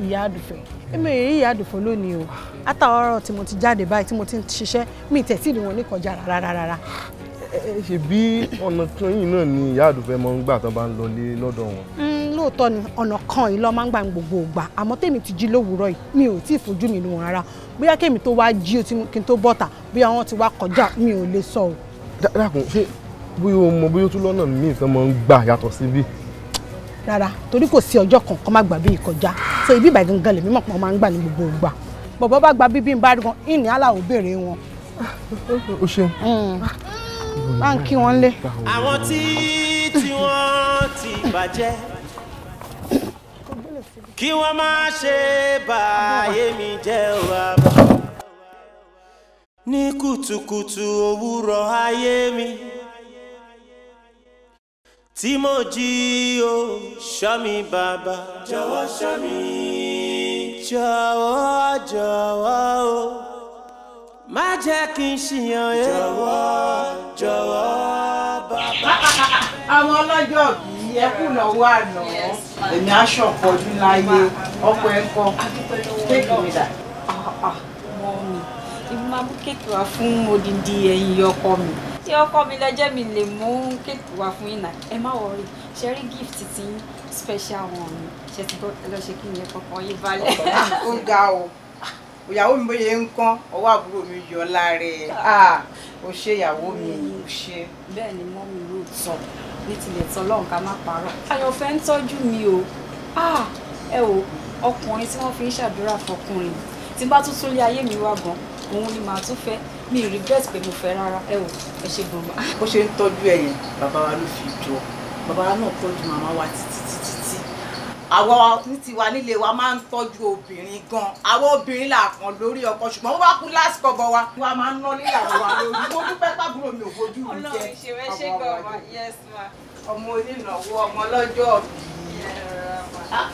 ìyá àdùfẹ́ èmi ò rí ìyá àdùfẹ́ lónìí o látàwọn ọ̀rọ̀ tí mo ti jáde báyìí tí mo ti ń ṣiṣẹ́ mi tẹ̀sí ìdí wọn ní kọjá rárá rárá. ẹ eh, ṣe bí ọ̀nà kan yìí náà ni ìyá àdùfẹ́ máa ń gbà tán bá ń lọlé lọ́dọ̀ wọn. Hmm, lóòótọ́ ni ọ̀nà kan yìí ló máa ń gbà gbogbo ògbà àmọ́ tèmi ti jí lówùúrọ̀ yìí mi ò tí fojú mi nù rárá bóyá kémi tó wá jí o kí n tó bọ́ta bóyá wọ́n ti wá kọjá mi ò lè sọ o. dákun ṣé bóyá o mọ bóyá o tún lọ́nà míì tán máa ń gbà yàtọ̀ sí bí. rárá torí kò sí ọjọ́ kan kọ́ má gbà bí ìkọjá so ibi ìbàdí gangan lèmi mọ̀ pé wọ́n máa ń gbà ní gbogbo ìgbà bọ̀bọ̀ bá gba bíbí ń bá rí wọn ìní aláwọ̀ béèrè wọn. o ṣeun. Hmm. bá ń kí wọn lé. àwọn tí tí wọ́n ti bàjẹ́ kí wọ́n má ṣe bàyé mi jẹ́ bàbá. ní kùtùkùtù òwúrọ̀ ayé mi tí mo jí o ṣọ́ mi bàbá. jọ̀wọ́ ṣọ́ mi. jọ̀wọ́ jọ̀wọ́ o má jẹ́ kí n ṣìyàn yẹn. jọ̀wọ́ jọ̀wọ́ bàbá. àwọn ọlọ́jọ́ bí ìyẹ́kùnà wà nà èmi aṣọ ọ̀pọ̀jù láyé ọkọ̀ ẹ̀kọ́ kéèkì mi dà. mọ mi ìbí máa mú kéèkì wá fún odindi ẹ̀yìn ọkọ mi tí ọkọ mi lẹ́jẹ́ mi lè mú kéèkì wá fún ìnà ẹ má wọrí ṣe rí gift tí special wọn mi ṣe ti gbọ́ ẹ lọ ṣe kí ni ẹ kọ̀ọ̀kan yín balẹ̀. Ah, ó ga o ìyàwó mi bóyá ń kán ọwọ́ àbúrò mi yọ lára ẹ̀ ó ah, ṣe ìyàwó mi ò ṣe. bẹ́ẹ̀ ni mọ́ mi yóò sọ ní tilẹ̀ tọ́lọ́run ká má parọ́ àyànfẹ́ ń tọ́jú mi o ah, ẹ o ọkùnrin tí wọ́n fi ń ṣàdúrà fọkùnrin tí bá tuntun lé ayé mi wá gan òun ni màá tún fẹ́ mi ì regret pé mo fẹ́ rárá ẹ o ẹ ṣe gbọ̀ngbà. bó ṣe ń tọ́jú ẹ̀yẹn bàbá wa ló fi jọ bàbá wa náà tọ́jú màmá wa títí àwa ní tiwa nílé wa máa ń tọ́jú obìnrin gan àwọn obìnrin là kàn lórí ọkọ ṣùgbọ́n wọ́n bá kú lásìkò bọ̀ wa wa máa ń ná níyàwó wa lórí mo dúpẹ́ pàbúrò mi ò fojú mi jẹ ọmọ wa ọmọ onínáwó ọmọ ọlọ́jọ́ ọ̀bì ah,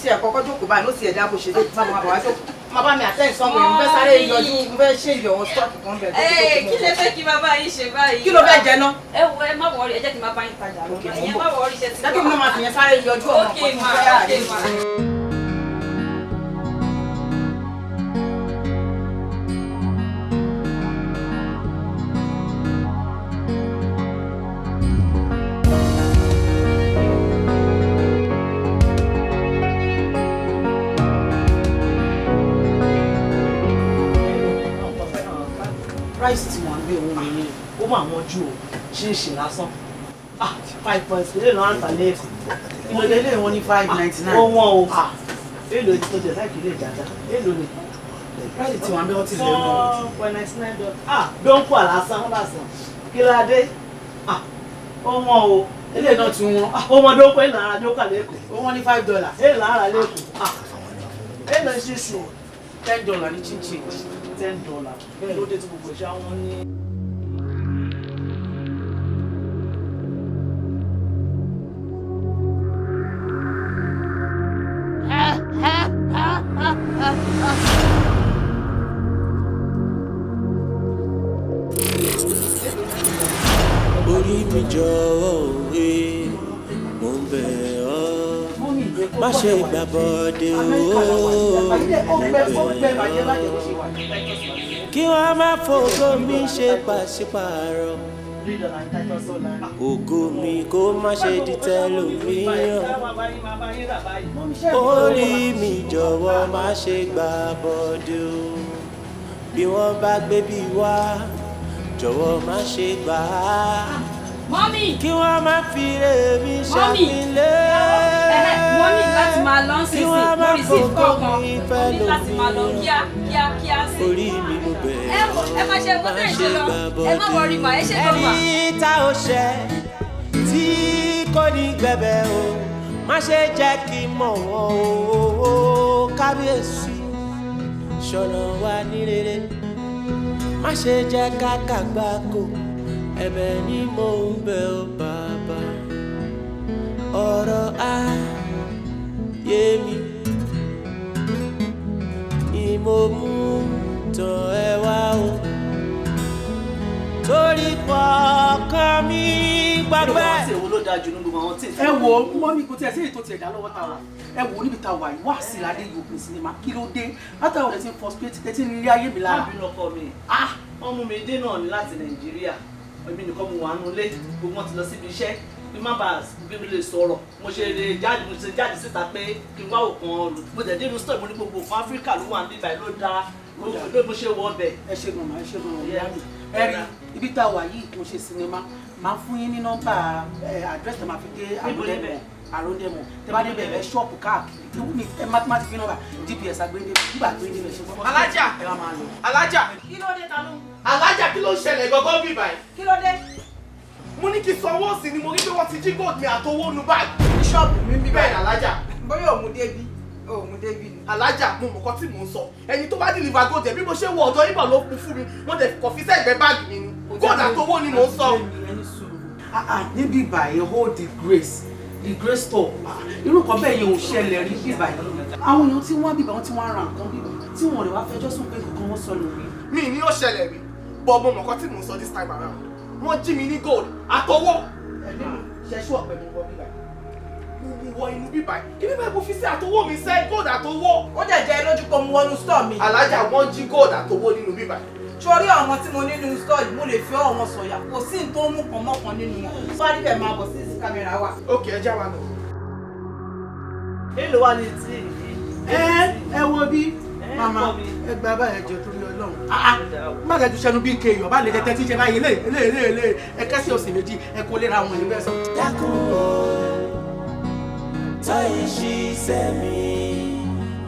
tí ẹ̀kọ́ kọ́jọ́ kò báyìí ló sì ẹ̀dá bó ṣe dé tí wọ́n bọ̀ wá sókè máa bá mi àtẹ́yìn sọ́mọ yìí mo fẹ́ sáré yọjú mo fẹ́ ṣe ìyọ̀wọ́ stọ́ọ̀kì kan bẹ̀. ẹ eh, kí lè fẹ́ kí bàbá yín ṣe báyìí. kí ló fẹ́ jẹ náà. ẹ wo ẹ má wọrí ẹ jẹ́ kí n má bá yín tajà lọ. ẹ má wọrí ṣe ti wá. dákẹ́ mi náà máa fi sáré yọjú ọ̀nà kan tó fẹ́ yà á rí. lọ́wọ́ àwọn ju o ṣíṣe lásán ah five points lè lọ́wọ́ àtàlẹ́ ẹ̀kọ́ mo wọn ní five ninety nine ah, owó o ah, èlò ti tọ́jú láìpẹ́ ilé ìjàdá èlò ni láti tí wọn bí wọn ti lè mọ. four point ninety nine dollars ah dọ́ńkù àlásán lásán kí ló dé ah owó o ilé náà ti wọn ah, owó dọ́ńkù èlò ara dọ́ńkù àlẹ́kọ̀ọ́ owó ní five dollars èlò ara lẹ́kọ̀ọ́ ah èlò ṣíṣù ten dollars ní chinchin ten dollars lóde tí gbogbo ìṣe àwọn ní. orí mi jọ̀wọ́ òwe mo ń bẹ̀ ọ́ má ṣe ìgbàbọ̀dé ooo kí wọ́n má fògo mi ṣe pàṣípààrọ̀ ògo mi kó má ṣe di tẹlòmíràn orí mi jọ̀wọ́ má ṣe gbà bọ́dé o bí wọ́n bá gbé bí wá jọ̀wọ́ má ṣe gbà á kí wọ́n má fi rèmi ṣàfilé mọ́mì láti máa lọ sí sí lórí orí mi ló bẹ̀rẹ̀ ẹ má ṣe bó tẹ̀ ṣe ẹ má wọrí mà ẹ ṣe tó ẹni tá ò ṣẹ tí kò ní gbẹ̀bẹ̀ o má ṣe jẹ́ kí n mọ̀ wọ́n o kábíyèsí ṣọ̀nà wa ní rere má ṣe jẹ́ kákàgbákò ẹ̀bẹ̀ ni mò ń bẹ̀ ọ́ bàbá ọ̀rọ̀ á yé mi ni mo mú jọ ẹ wá o torí kọ̀ọ̀kan mi gbàgbẹ́. ẹ wo mọ́mí kò tiẹ̀ sí èyí tó tiẹ̀ dá lọ́wọ́ ta wa ẹ wo níbi ta wà yìí wá sí ládé yìí sinimá kí ló dé látàrí ọ̀rẹ́ tí ń frustrate ẹ ayé mi lára. àbínú ọkọ mi ah! ọmọ mi dé náà ní láti nàìjíríà èmi nìkan mo wà nulẹ̀ gbogbo wọn ti lọ síbi iṣẹ́ bí má bàa bíbí lè sọ̀rọ̀ mo ṣe lè jáde mo ṣe jáde síta pé kí n wá òkan lò mo tẹ̀ dé inú sọ̀rọ̀ mo ní gbogbo òkan áfíríkà ló wà níbàyí ló dáa pé mo ṣe wọ ọbẹ̀. ẹ ṣe mọ̀mọ́ ẹ ṣe mọ̀mọ́ ìyá mi ẹ rí ibi tá a wà yìí mo ṣe sinimá máa fún yín ní nọ́mbà àdírẹ́sì máa fi dé àròdẹ̀mọ̀ àròdẹ̀mọ̀ tẹ bá débẹ̀ ẹ ṣọ́ọ̀pù káàkiri ewu ni ẹ mátímátì fi nọ́mbà dps agbẹ́ndé nígbà agbẹ́ndé rẹ̀ ṣe gbọ́. alájà alájà alájà kí ló ń ṣẹlẹ̀ gbọ́gbọ́ bíbá ẹ̀. mo ní kí sanwó sí ni mo rí pé wọ́n ti jí gold mi àtowó nu báàgì òun débi ni. alájà mo mọ̀ kọ́ tí mò ń sọ ẹni tó bá deliver gold ẹ̀ mo ṣe wọ ọ̀dọ́ ibà ló kú fún mi wọ́n dẹ̀ kọ̀ fi sẹ́gbẹ́ báàgì mi ni gold àtọwọ́ ni mò ń sọ. Ah, ah, níbi ìbàyẹn hold the grace the grace store ah, irú kan bẹ́ẹ̀ yẹn ò ṣẹlẹ̀ rí bí ìbàyẹn. àwọn èèyàn tí wọ́n bíbá wọn tí wọ́n ra nǹkan bíbá tí wọ́n lè wá fẹjọ́ sùn pé kankan wọ́n sọ lórí. mi ni ó ṣẹlẹ̀ rí bọ́ mo mọ̀ kọ́ tí mò ń sọ this time around wọ́n jí mi ní gold àtọwọ́. ẹ̀mí mi ṣẹ́ṣú ọ̀pẹ̀ mi wọ bí ń wọ inú bíbá yìí ibi báyìí kò fi sí àtọwọ́ mi sẹ́ gold àtọwọ́. ó dẹ̀ jẹ́ lójú pé mo wọnú store mi. alájà wọ́n jí gold àtọwọ́ nínú bíbá yìí. sórí àwọn tí mo nínú store yìí mo lè fi ọ̀wọ́n sọ̀yà kò sí ní tó mú kan mọ́kan nínú wọn. sọ́ọ́ níbẹ̀ máa bọ̀ sí kámẹ́rà wa. ok ẹ já wa lọ. èlò wa ni tí. ẹ ẹ wo bí mama ẹ gba báyìí jẹ torí Ọlọ́run ah, ah. má lẹjú sẹnu bí kéèyàn bá lè tẹtẹ tíjẹ báyìí lè lè lè ẹ kẹsì ọ̀sẹ̀ méjì ẹ kó lera àwọn ẹni bẹ́ẹ̀ sọ. dákúrò tọ́ ìṣiṣẹ́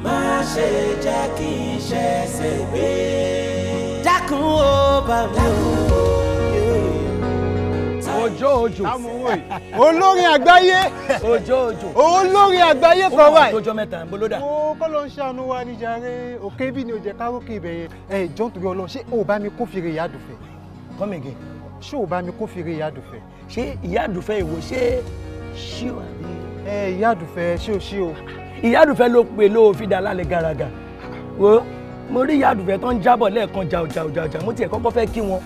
má ṣe jẹ́ kí n ṣe ṣe dákun ó bá mi ò. Òjó Òjó olórin àgbáyé Òjó Òjó olórin àgbáyé kan wà. ó jọ mẹ́ta bó ló dà. mo kọ́ ń ṣàánú wa ní jàre òkè bí ni òjẹ káròkè ibẹ̀ ẹ̀ jọ́ nítorí ọlọ́ ṣé o bá mi kó fèrè come again. ṣé o bá mi kó fèrè ṣé ìyá àdùfẹ́ ṣé ṣíwà ẹ ìyá àdùfẹ́ ṣé o ṣí o. ìyá àdùfẹ́ ló pe ló fi dá lálẹ́ gàràgà wo mo rí ìyá àdùfẹ́ tó ń jábọ̀ lẹ́ẹ̀kan jàù jàù jàù jàù mo tiẹ̀ kọ́kọ́ fẹ́ kí wọn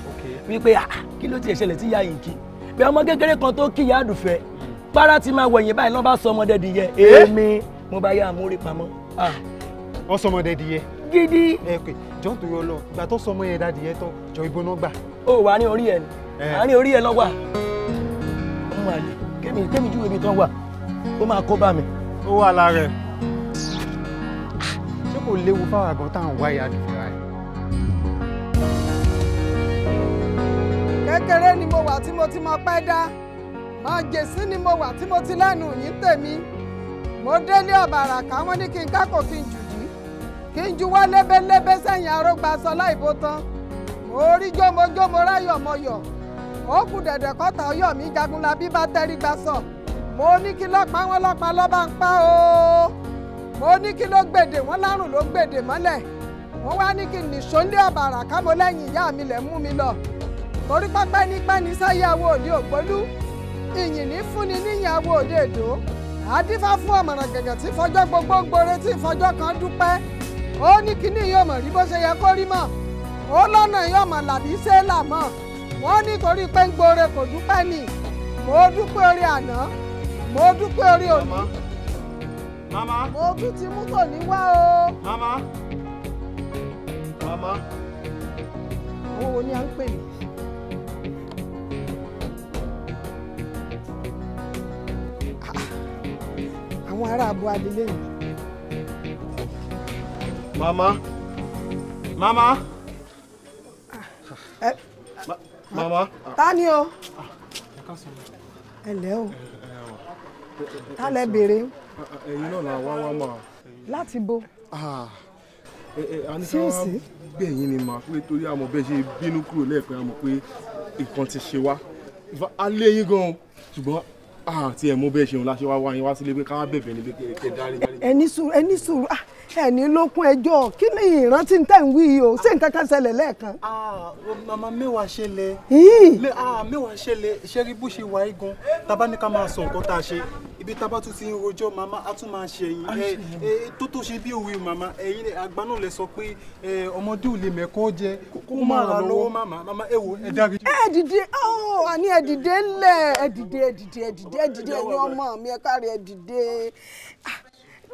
wípé ah, kí ló tiẹ̀ ṣẹlẹ̀ tí ìyá yìí kí bí ọmọ kékeré kan tó kí ìyá àdùfẹ́ para ti máa wẹ̀yìn báyìí lọ́ bá sọ ọmọdé di yẹ eh? èmi mo bá yá àmúrí pamọ́. wọ́n ah. sọ ọmọdé di yẹ. gidi. ẹ pé jọ ń torí Ọlọ́run ìgbà tó sọ ọmọ yẹn dá di yẹ tán jọ ìbọn náà gbà. o wà ní orí ẹ eh. ní àárín orí ẹ lọ wà. ọmọ àlè kémi kémi júwe ibi tán wà. ó máa kó bá mi. ó wà lára ẹ. ṣé kò léwu fáwọn àgọ́ tá à ń wá ìyá àdùfẹ́ rà ẹ̀. kékeré ni mo wà tí mo ti mọ pẹ́ dá máa jèsí ni mo wà tí mo ti lẹ́nu yìí tèmi mo délé ọ̀bàrà ká ní kí n kákò kí n jù kí n juwọ́ lébélébé sẹ́yìn arógbasọ láìbò tán mo rí jómojómo ráyọ̀mọyọ̀ ó kù dẹ̀dẹ̀ kọ́ta ọyọ̀ mi jagunlabí bá tẹ́rí gbasọ̀. mo ní kí lọ́pàá wọn lọ́pàá lọ́ba ń pa o mo ní kí ló gbèdè wọn lárùn ló gbèdè mọ́lẹ̀ wọ́n wá ní kí nìṣó ń lé ọ̀bàrà kámo lẹ́yìn ìyá mi lẹ̀ mú mi lọ torí pápẹ́ ní pẹ́ni sáyàwó òde ògbólú ìyìn ní fúnni níyàwó òde èdò àdífá fún ọ̀mọ̀ràn gẹ̀gẹ̀ tí fọjọ́ gbogbo gbore tí fọjọ́ kan dúpẹ́ ó ní kíní yóò mọ̀ rí bó ṣe yẹ kó rí mọ̀ ó lọ́nà yóò mọ̀ làbí ṣé là mọ̀ wọ́n nítorí pé ń gbore kò dúpẹ́ nì mo dúpẹ́ orí àná mo dúpẹ́ orí òní. mama. mo tún ti mú kò ní wá o. mama. mama. àwọn wo ni à ń pè mí. àwọn ará abo adelé yìí. mama. mama. mama. ta ni o. Ah. ẹ lẹ́ o ta lẹ béèrè. ẹ̀yin náà la wá wá mà. láti bo. ṣé o sì. bẹ́ẹ̀ yín ni màá pé torí àmọ̀ bẹ́ẹ̀ ṣe bínú kúrò lẹ́ẹ̀pẹ́ àmọ̀ pé nǹkan ti ṣe wá alẹ́ yín gan-an ṣùgbọ́n àti ẹ̀ bẹ́ẹ̀ ṣeun láṣẹ wá wá yín wá sílé pé ká bẹ̀bẹ̀ ni pé kẹ́ dárí. ẹni sùúrù ẹni sùúrù ah ẹni lókun ẹjọ́ kí ni ìrántí tẹ̀ ń wí yìí o ṣé nǹkan kan ṣẹlẹ̀ lẹ́ẹ̀kan. Ah, màmá mẹ́wàá ṣẹlẹ̀ mẹ́wàá ah, ṣẹlẹ̀ ṣẹ́rí bó ṣe wà igun tábà ní ká máa sọ nǹkan tá a ṣe ibi tábà tún ti ń rojọ́ Mama a tún máa ṣe ẹ̀yìn eh, eh, tó tó ṣe bí òwe màmá ẹ̀yin àgbà náà lẹ sọ pé eh, ọmọdé ò lè mẹ́kọ́ jẹ kó má ra lọ́wọ́ màmá màmá ẹ wò ẹ dárí. ẹ dìde ọ àní ẹ dìde lẹ ẹ dìde ẹ dìde ẹ dìde ẹ dìde ẹ ah,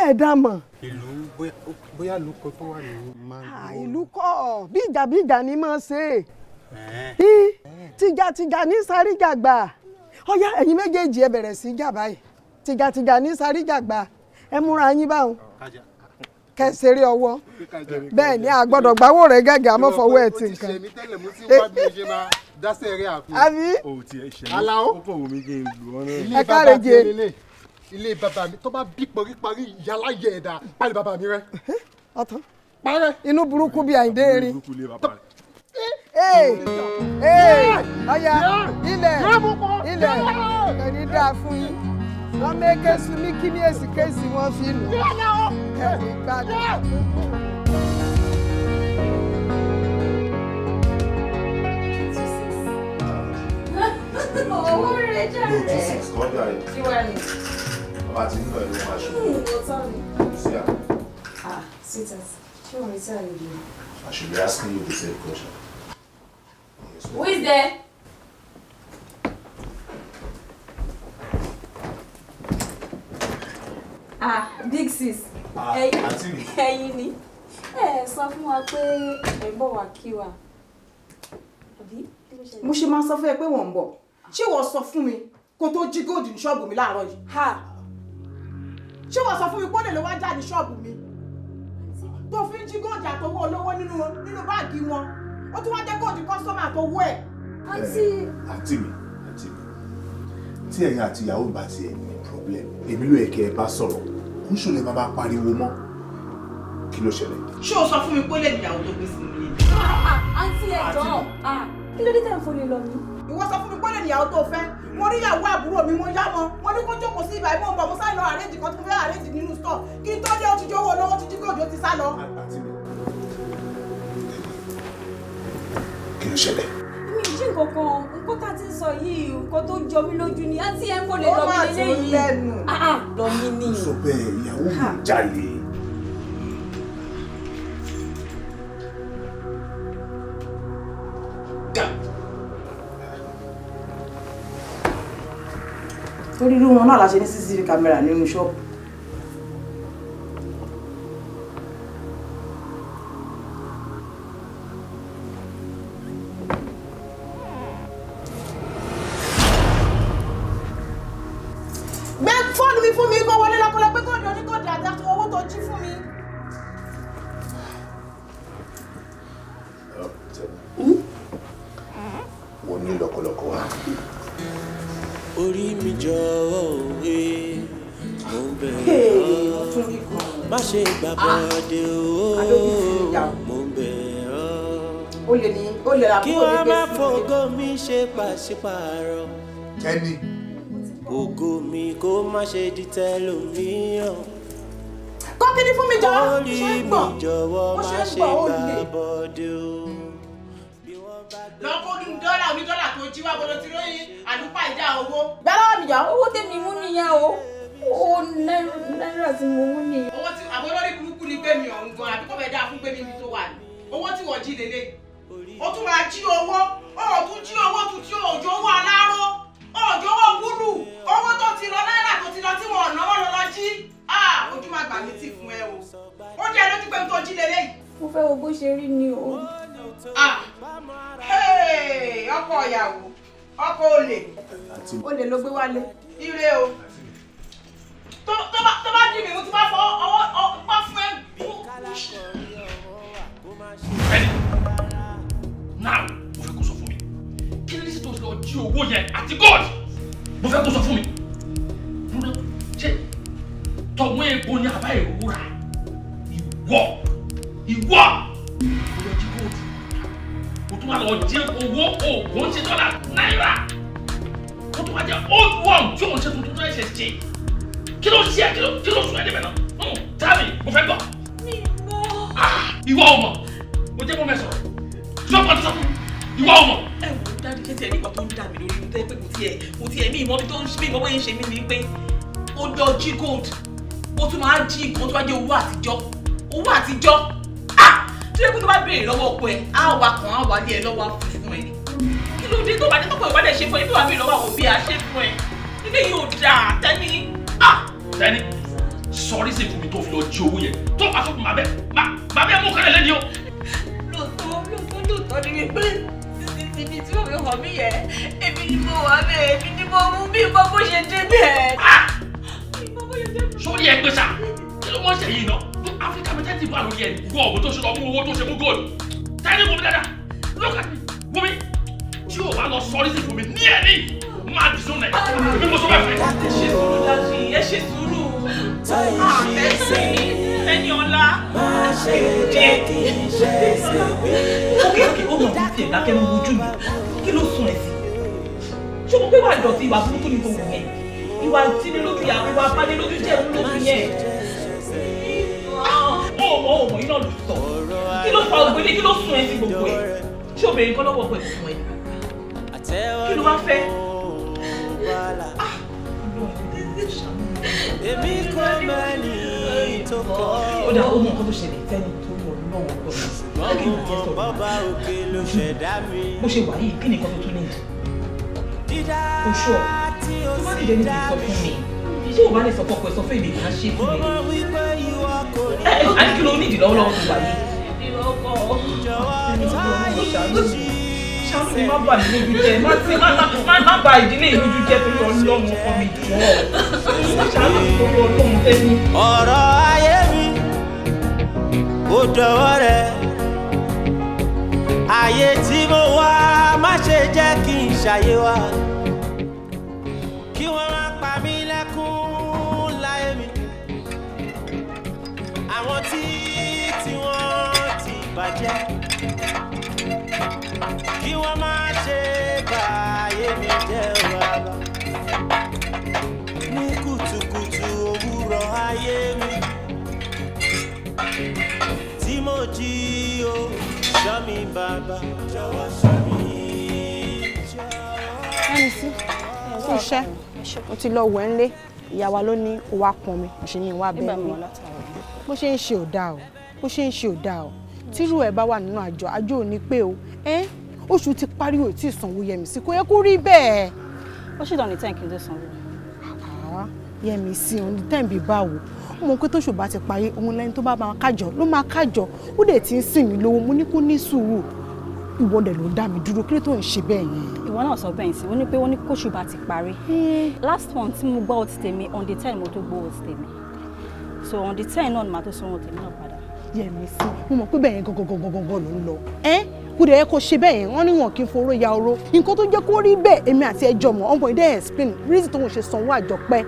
ẹ dá mọ̀. ìlú bóyá ìlú kan tó wà ní máa ń. ìlú kọ́ bí ìjà bí ìjà ni máa ṣe tìjàtìjà ní sáríjàgbà ọyá ẹ̀yin méjèèjì ẹ bẹ̀rẹ̀ sí jà báyìí tìjàtìjà ní sáríjàgbà ẹ múra yín báwọn kẹsẹrẹ ọwọ́ bẹ́ẹ̀ ni àgbọ́dọ̀ gbáwó rẹ gẹ́gẹ́ amọfọwọ ẹ ti nǹkan. àbí aláwo ẹ káàrẹ̀ jẹ ilé bàbá mi tó bá bí paríparí yàrá yẹ ẹ̀dá pálí bàbá mi rẹ. ọ̀tán parẹ́. inú burúkú bíi àyíndé erin. ọ̀yà ilẹ̀ ilẹ̀ ẹni dáa fún yín wọ́n mẹ́kẹ́ sun mí kí ní èsì kéèsì wọ́n fi nù. ẹ̀rù gbàdúrà. Oh, Richard! what I... You are bá ti ń lọ ìlú máa ṣubú. ah sitas ṣé wọn retí àyè I should be asking you the same question. Who is there? Ah, big sis. Ẹyin ni. Ẹ sọ fún wa pé ẹ bọ̀ wá kí wa. Mo ṣe máa sọ fún ẹ pé wọ́n ń bọ̀. Ṣé wọ́n sọ fún mi kó tó jí góòdù ní ṣọ́ọ̀bù mi láàárọ̀ yìí? ṣé wọ́n sọ fún mi pọ́nlẹ̀ ló wá jáde ṣọ́ọ̀bù mi tó fi ń jí góòjì àtọwọ́ olówó nínú nínú báàgì wọn ó tún wá jẹ́ góòjì kọ́sọ́mà àtọwọ́ ẹ̀. àǹtí. àǹtí mi àǹtí mi tí ẹ̀yin àti ìyàwó bá ti ẹ̀ ní problem èmi ló yẹ kí ẹ bá sọ̀rọ̀ ń ṣòlẹ̀ máa bá pariwo mọ́ kí ló ṣẹlẹ̀. ṣé o sọ fún mi pé ó lè níyàwó tó gbé sí mi lé. Ah, ah, àǹtí ẹ̀jọ̀ ah, kí ló dé tẹ̀ fún mi lọ mi. ìwọ sọ fún mi pé ó tó fẹ́ mo rí ìyàwó àbúrò mi mo yá mọ mo ní kó jókòó sí ibà ìmọ̀ nǹkan mo sáré lọ àrẹ́jì kan tí mo fẹ́ àrẹ́jì nínú stọ̀ kí n tó dé ó ti jówó lọ́wọ́ títí kí òjò ti sá lọ. kí ló ṣẹlẹ̀. mi ì jí nǹkan kan nǹkan tá a ti sọ yìí nǹkan tó jọ mí lójú ni àti ẹ̀ ń kò lè ah, ah, lọ mí lélẹ́yìí. ó máa tún lẹ́nu. lọ mí nìyí. sọ bẹ́ẹ̀ ìyàwó mi jáde. torí irú wọn náà la ṣe ní cctv camera nínú ṣọ́ọ̀bù pàṣípààrọ̀. ẹni. ògo mi kó má ṣe di tẹlòmíràn. kọ́kíní fún mi jọ̀wọ́ ṣe ń gbọ̀ ó ṣe ń gbọ̀ ó lè. lọ́kọ́ ní dọ́là onídọ́là tó jí wá gbọ́dọ̀ tí lóyún àdúpà ìjà owó. gbẹ́rọ mi jà owó tèmi mú nìyẹn o ó náírà tí mo mú nìyẹn. owó tí àbọ̀ lórí burúkú ni gbẹ̀mí ọ̀hún gan àbíkọ́ bẹ̀ dáa fún gbẹ̀mí mi tó wà ní owó tí wọ́n jí lélẹ́yìí o tún máa jí owó o tún jí owó tún tí òjò owó aláró òjò owó wúlù owó tó ti lọ náírà tó ti lọ tí wọn ò náwó lọ lọ jí ojú máa gbà mí tì fún ẹ o ó jẹ́ lójú pé n tó jí lélẹ́yìí. mo fẹ́ wo bó ṣe rí ni o. ọkọ ìyàwó ọkọ olè olè ló gbé wálé. ire o tó bá dì mí mo ti bá fọ ọwọ́ ọpá fún ẹ now mo fẹ́ kó sọ fún mi kí ni sísè tó lọ jí owó yẹn àti gold mo fẹ́ kó sọ fún mi múná ṣe tọ̀wọ́n epo ni àbá ìrora ìwọ ìwọ lọ jí gold o tún wà lọ jí owó oògùn ṣe dọ́là náírà o tún wà jẹ old one tí òun ṣe tuntun tó ẹsẹ̀ ṣe kí ló ṣe kí ló kí ló sún ẹ́ níbẹ̀ náà hmm, tàbí mo fẹ́ gbọ́. mi mọ. Ah, ìwọ ọmọ mo jẹ́ mọ́ mẹ́sàn-án tí wọ́n pọ̀ tó ìwọ ọmọ. ẹ wò ó dájú kí tiẹ̀ nígbà tó ń dà mí lórí tó yẹ pé kò tiẹ̀ kò tiẹ̀ mí ìmọ̀ tó ń mí ìmọ̀ bóyá ń ṣe mí ni pé ó lọ jí gold ó tún máa jí nǹkan tó bá jẹ́ owó àtijọ́ owó àtijọ́ ah tó yẹ kó tó bá béèrè lọ́wọ́ ọkọ ẹ̀ á wà kàn á wà ní ẹ lọ́wọ́ fún ẹ kí ló dé tó bá dé tó kọ̀ ìwádìí ṣe fún ẹ tó wà bí lọ́wọ́ àwọn òbí àṣẹ fún ẹ ilé yóò dáa tẹ́ni ah tẹ́ni sọrí sí ìfúnmi tó fi lọ jí owó yẹn tó bá tó kù má bẹ́ẹ̀ má bẹ́ẹ̀ mú kálẹ̀ lẹ́ni o lóòótọ́ ni wípé cctv tí wọ́n fi hàn mí yẹn èmi ni mo wà bẹ́ẹ̀ èmi ni mo mú mi mọ bó ṣe débẹ̀. Ah! sórí ẹgbẹ́ sá kí ló wọ́n ṣe yìí ná áfíríkà mi tẹ́tí bá lórí ẹ̀ gbọ́ ọ̀gbọ́n tó ṣe lọ mú owó tó ṣe mú góòlù tẹ́lẹ̀ wọ́n mi dáadáa lọ́kà wọ́n mi tí o bá lọ sọ́rí sí fún mi ní ẹ̀ ní máa dì sọ́nà ẹ̀ ah! bí mo sọ bẹ́ẹ̀ ṣe sùúrù dájú ẹ ṣe sùúrù àfẹ́sí ẹni ọlá ṣèjẹ́ òkè òkè ó mọ̀ ní tiẹ̀ dákẹ́ mú ojú mi kí ló sún ẹ̀ sí ṣé mo pé wà dọ̀tí ìwà burúkú ni mo wù yẹn ìwà tíní lójú ìyàwó ìwà pálí lójú jẹ́ òun lójú yẹn ó mọ òmò iná lù sọ kí ló fa ògbélé kí ló sún ẹ̀ sí gbogbo ẹ̀ ṣé obìnrin kan lọ́wọ́ pẹ̀ fún ẹ̀ kí ló wá fẹ́ ah lóun ẹ̀ èmi kò mẹ́ni tó kọ́. ó dà ó mọ nǹkan tó ṣẹlẹ̀ fẹ́ni tó wọ lọ́wọ́ ọ̀gbọ́n mi lẹ́kìn ìgbà bàbá òkè ló ṣẹ̀dá mi. bó ṣe wà yìí kí nìkan tó tún ní ìdí. dídá tí ó sì dá mi tí o bá lè sọ fọkọ ẹ sọ fún èmi kì í ṣe fún mi. mo mọ wípé ìwọ kò ní. ẹ ẹ àti kí ló ní ìdílọ́wọ́lọ́wọ́ tó wà yìí. ìdílọ́kọ̀ jọ̀wọ́ tọ́ ìṣàlùsí ṣáàtì má bà mí lójú jẹ má ti má bà ìdílé yìí lójú jẹ torí ọlọ́run ọkọ mi jọ ṣáàtì torí ọlọ́run fẹ́mi. ọ̀rọ̀ ayé mi ò dọ̀wọ́ rẹ̀ ayé tí mo wá má ṣe jẹ́ kí n ṣàyé wa kí kí wọ́n má ṣe bá ayé mi jẹ́ wà lọ. ní kùtùkùtù òwúrọ̀ ayé mi tí mo jí o ṣọ́ mi bàbá jọ̀wọ́ ṣọ́ mi sí fún iṣẹ́ mo ti lọ wẹ̀ ń ìyá wa ló ní òwa pọn mi ṣe ní ìwà abẹ́ mi bó ṣe ń ṣe ò dáa o bó ṣe ń ṣe ò dáa o tírú ẹ̀ bá wà nínú àjọ àjọ ò ní pé o oṣù ti parí o ti sanwó Yẹmisí kò yẹ kó rí bẹ́ẹ̀. ó ṣì dán ní tẹ́ǹkì ló sanwó. Yẹmisí òun ní tẹ́ǹbì báwo mo pé tóṣù bá ti parí òun lẹni tó bá máa kájọ ló máa kájọ ó dẹ̀ ti ń sìn mí lówó mo ní kó ní sùúrù ìwọ dẹ̀ ló dá mi dúró kí ló tó ń ṣe bẹ́ẹ̀ yẹn. ìwọ náà sọ bẹ́ẹ̀ sí wọ́n ní pé wọ́n ní kóṣù bá ti parí hmm. last one tí mo gbọ́ ọtí tèmi on the ten mo tó gbọ́ ọtí tèmi so on the ten náà ni màá tó sanwó tèmi náà padà. Yẹmisí mo mọ̀ pé bẹ́ẹ̀ yẹn gangan gangan gangan ló ń lọ kò dẹ̀ yẹ kó ṣe bẹ́ẹ̀ yẹn wọ́n ní wọn kì í foró ya oró nǹkan tó jẹ́ kó rí bẹ́ẹ̀ èmi àti ẹjọ́ mọ̀ ọmọ ìdẹ́ explain reason tó ń ṣe sanwó àjọpẹ́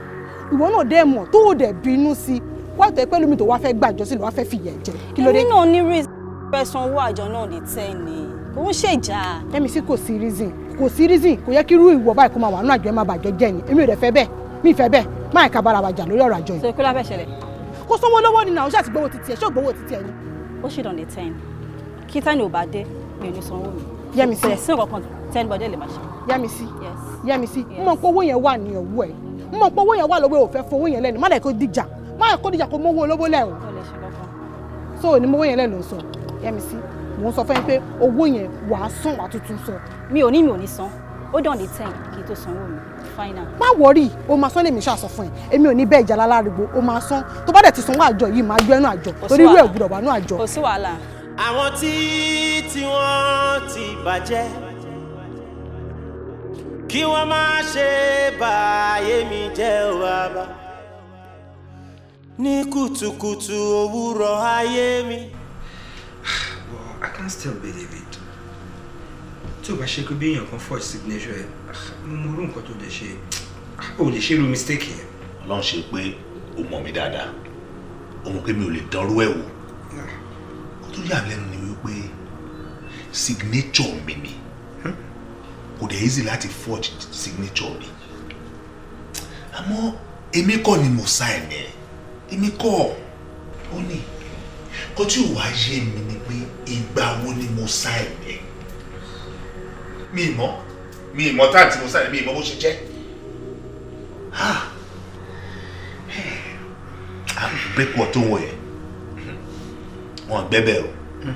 ìwọ náà dẹ́ mọ̀ tó o dẹ̀ bínú sí wá tẹ́ pẹ́ lómi tó wá fẹ́ gbàjọ sí ló wá fẹ́ fìyà jẹ kí ló dé. èmi náà ní reason fẹ́ sanwó àjọ náà ní tẹ́ ni kò ń ṣèjà. ẹ̀mí sí kò sí reason kò sí reason kò yẹ kí irú ìwọ báyìí kó máa wà nínú àjọ ẹ máa bàjọ jẹ ni èmi ò dẹ̀ fẹ́ bẹ́ẹ̀ mi fẹ́ bẹ́ẹ̀ máa ká bára wa jà lórí ọ̀rọ̀ àjọ yìí. sọ kí ló fẹ́ ṣẹlẹ̀. kó sanwó lọ́wọ́ ni nàá ó ṣàtìgbówó titi ẹ̀ ṣó gbówó titi ẹ̀ ni. ó ṣì dàn ní tẹ́ ni kí tẹ́ ni ò bá dé mi ò ní sanwó mi. yẹ́misí ẹ̀sìn kankan tẹ́nibọ́dé lè máa ṣe. yẹ́misí yẹ́misí mo mọ̀ pé owó yẹn wà ní ọ̀wọ́ ẹ̀ mo mọ̀ pé owó yẹn wà lọ́wọ́ òfẹ́ fún owó yẹn lẹ́nu má lè kó dìjà má lè kó dìjà kó mówó olówó lẹ́ o. so ni mo owó yẹn lẹ́nu sọ yẹ́misí mo ń sọ fẹ́ẹ́ pé owó yẹn wàá sún wàá tuntun sọ. mi ò ní mi ò ní san ó dàn ní ten kí n tó sanwó mi final. má wọrí o máa san lèmi ṣàṣọ fún ẹ èmi ò ní bẹ́ẹ̀ jà lálárìgbò o máa san tó bá dẹ̀ ti sanwó àjọ yìí máa gbẹ́nu àjọ torí irú ẹ̀ gbúdọ̀ wà nú àjọ. kò sí wàhálà àwọn tí tí wọ́n ti bàjẹ́ kí wọ́n má ṣe bàyé mi jẹ́ wàbá ní kùtùkùtù òwúrọ̀ ayé mi. i can't still believe it tí o bá ṣe pé bí èèyàn kan forge signature ẹ ah, mo rú nǹkan tó lè ṣe ah, o lè ṣe irú mistake yẹn. ọlọ́run ṣe pé o mọ̀ mí dáadáa o mọ̀ pé mi ò lè dánrú ẹ̀ wò tó yà lẹ́nu ni wípé signature mi ni kò dẹ̀ easy láti forge signature mi àmọ́ èmi kọ́ ni mo sign ẹ̀ èmi kọ́ ó ní kó tí ò wá yé mi ni pé ìgbà wo ni mo sign ẹ̀ mi mọ̀ mi mọ̀ táà tí mo sign ẹ̀ mi mọ̀ bó ṣe jẹ́ ha àbẹ̀pọ̀ tó wọ̀ ẹ̀ wọn gbẹ́bẹ̀ o hmm.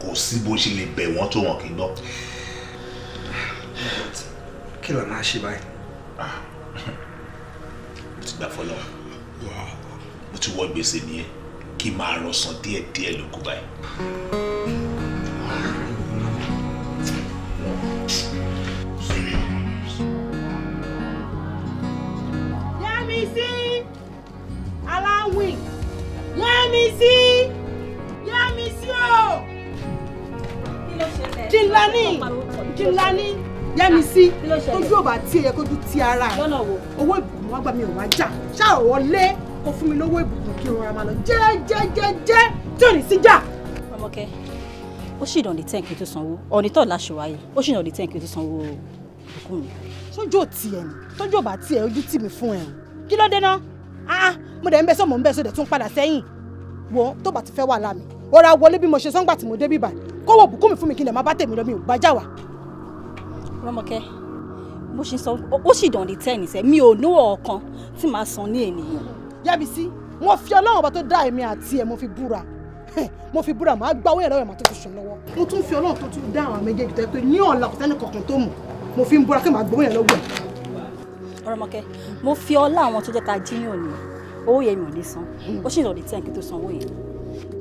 kò sí bó ṣe lè bẹ̀ wọ́n tó wọn kì í gbọ́. kí ló máa ṣe báyìí. mo ti gbà fọlọ mo ti wọ gbèsè nìyẹn kí n máa rọ san díẹ̀díẹ̀ ló kú báyìí. Let me see yá mi sí o. Jìnlání Jìnlání yá mi sí tójú ò bá tí ẹ yẹ kójú ti ara ẹ owó ìbùkún wá gbà mí ò wá jà ṣáà wọlé kó fún mi lówó ìbùkún kí n rọra máa lọ jẹ́jẹ́jẹ́jẹ́ tí ò ní sí jà. Ọmọkẹ́ ó ṣì dàn ní tẹ́ǹkì tó sanwó ọ̀nìtọ́ láṣọ wáyé ó ṣì dàn ní tẹ́ǹkì tó sanwó òkú mi. sójú ò tiẹ̀ ni tójú ò bá tiẹ̀ ojú tì mí fún ẹ̀ kí ló dé náà ah, ah, mo dẹ̀ ń bẹ́ sọ́ mo ń bẹ́ sọ́ dẹ̀ tún padà sẹ́yìn wo tó bá ti fẹ́ wà ọ̀rá wọlé bí mo ṣe sọ́ngbà tí mo dé bíbà kó wọ bùkún mi fún mi kí n lè má bá tèmi lọ mi ò gbájà wá. Rọ́mọkẹ́ bó ṣe sọ ó sì dàn ní tẹ́ẹ̀nì sẹ́ mi ò níwọ̀ ọ̀kan tí màá san ní ènìyàn. Yábísí mo fi Ọlọ́run ọba tó dá èmi àti ẹ̀ mo fi búra mo fi búra màá gbá owó ìrọ̀rùn màá tó fi sùn lọ́wọ́. mo tún fi Ọlọ́run tó tún dá àwọn méjèèjì tó yẹ pé ní ọ̀la kò sẹ́ni kankan tó mọ̀ mo fi ń búra kí màá gbowó yẹn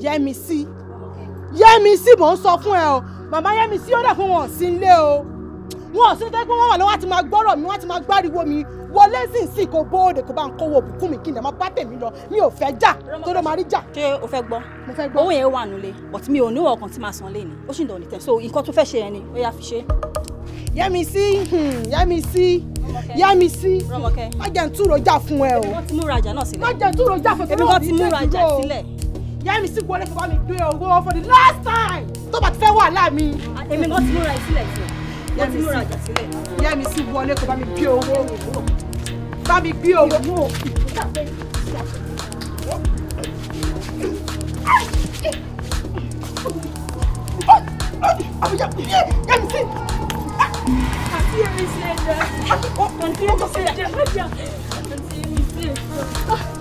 Yẹ́misí Yẹ́misí mò ń sọ fún ẹ o màmá Yẹ́misí ó dà fún wọn sí ilé o wọn ò sí ní tẹ́gbọ́n wọn wà lọ́wọ́ àti máa gbọ́rọ̀ mi wọ́n àti máa gbáriwo mi wọlé sì ń sì kó bóde kó bá ń kówó òbùkún mi kí n dàmọ́ bá tèmi lọ mi ò fẹ́ jà tó ló máa rí jà. ṣé o fẹ́ gbọ́ mo fẹ́ gbọ́ owó yẹn wà nulẹ̀ but mi ò níwọ̀ ọkàn tí màá san léni ó sì ń dọ̀ ní tẹ̀ so nǹkan tó fẹ́ ṣe yẹn ni ó yá fi ṣe. Yẹ́misí hmm, Yẹ́misí Yẹ́misí má jẹ́ ń túrò jà fún ẹ o má ń túrò jà fún ẹ ìyá mi sì wọlé fún mi gbé owó for the last time tó bá ti fẹ́ wà láàmì. èmi kan ti múra ìsílẹ̀ sílẹ̀ wọ́n ti múra ọjà sílẹ̀. ìyá mi sì wọlé kó bá mi gbé owó bá mi gbé owó. Àbújá ìyá mi sì. Àti èmi ṣe ẹja. Àti èmi ṣe ẹja. Àti èmi ṣe ẹja.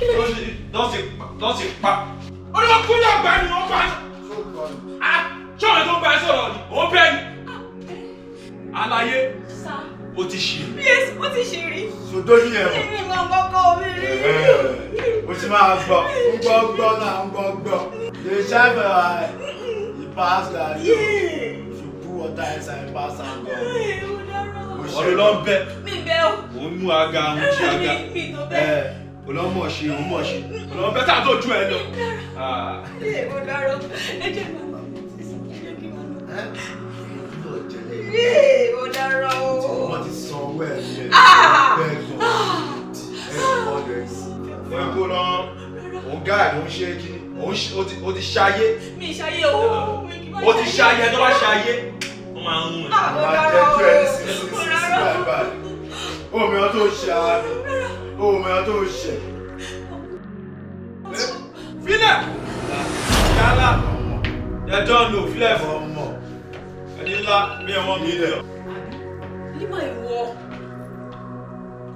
lọ́ sì pa. olùkọ́ dàgbà ni wọ́n pa. sọ̀rọ̀ ah, tó ń bá ẹ sọ̀rọ̀ ni òun bẹ́ẹ̀ ni. aláyé o ti ṣì rí. yes o ti ṣì rí. sòdó yìí ẹ̀ mọ̀. èmi máa ń gbọ́kọ́ mi rí. o ti máa gbọ́ ń gbọ́ gbọ́ náà ń gbọ́ gbọ́. the shadow eye uh, he uh, you put water inside pass am go. ọ̀rẹ́ ló ń bẹ. mi bẹ́ o. òun mú aga aga. mi tó bẹ́ẹ̀ olọ́mọ̀ ṣe olọ́mọ̀ ṣe olọ́mọ̀ bẹ́tà tó ju ẹ lọ. mo dárò ẹ jẹ́ màmá mi ti sọ ẹ kí màmá mi. mo dárò o. wọ́n ti san owó ẹ̀ ní ẹ̀ bẹ́ẹ̀ gan-an ẹ̀ kó lọ òun gáàdì òun ṣe kí o ti ṣayé. mi ṣayé o. o ti ṣayé tó bá ṣayé. wọ́n máa ń mú ẹ. mo dárò o. mo dárò o. omi ọtún ṣe ara mi o ò mọ̀ tó ṣe. filẹ̀ yálà ẹjọ́ lò filẹ̀ fọ mọ̀ ẹni ńlá bí ẹ̀wọ̀n mi lẹ̀. nímọ̀ ìwọ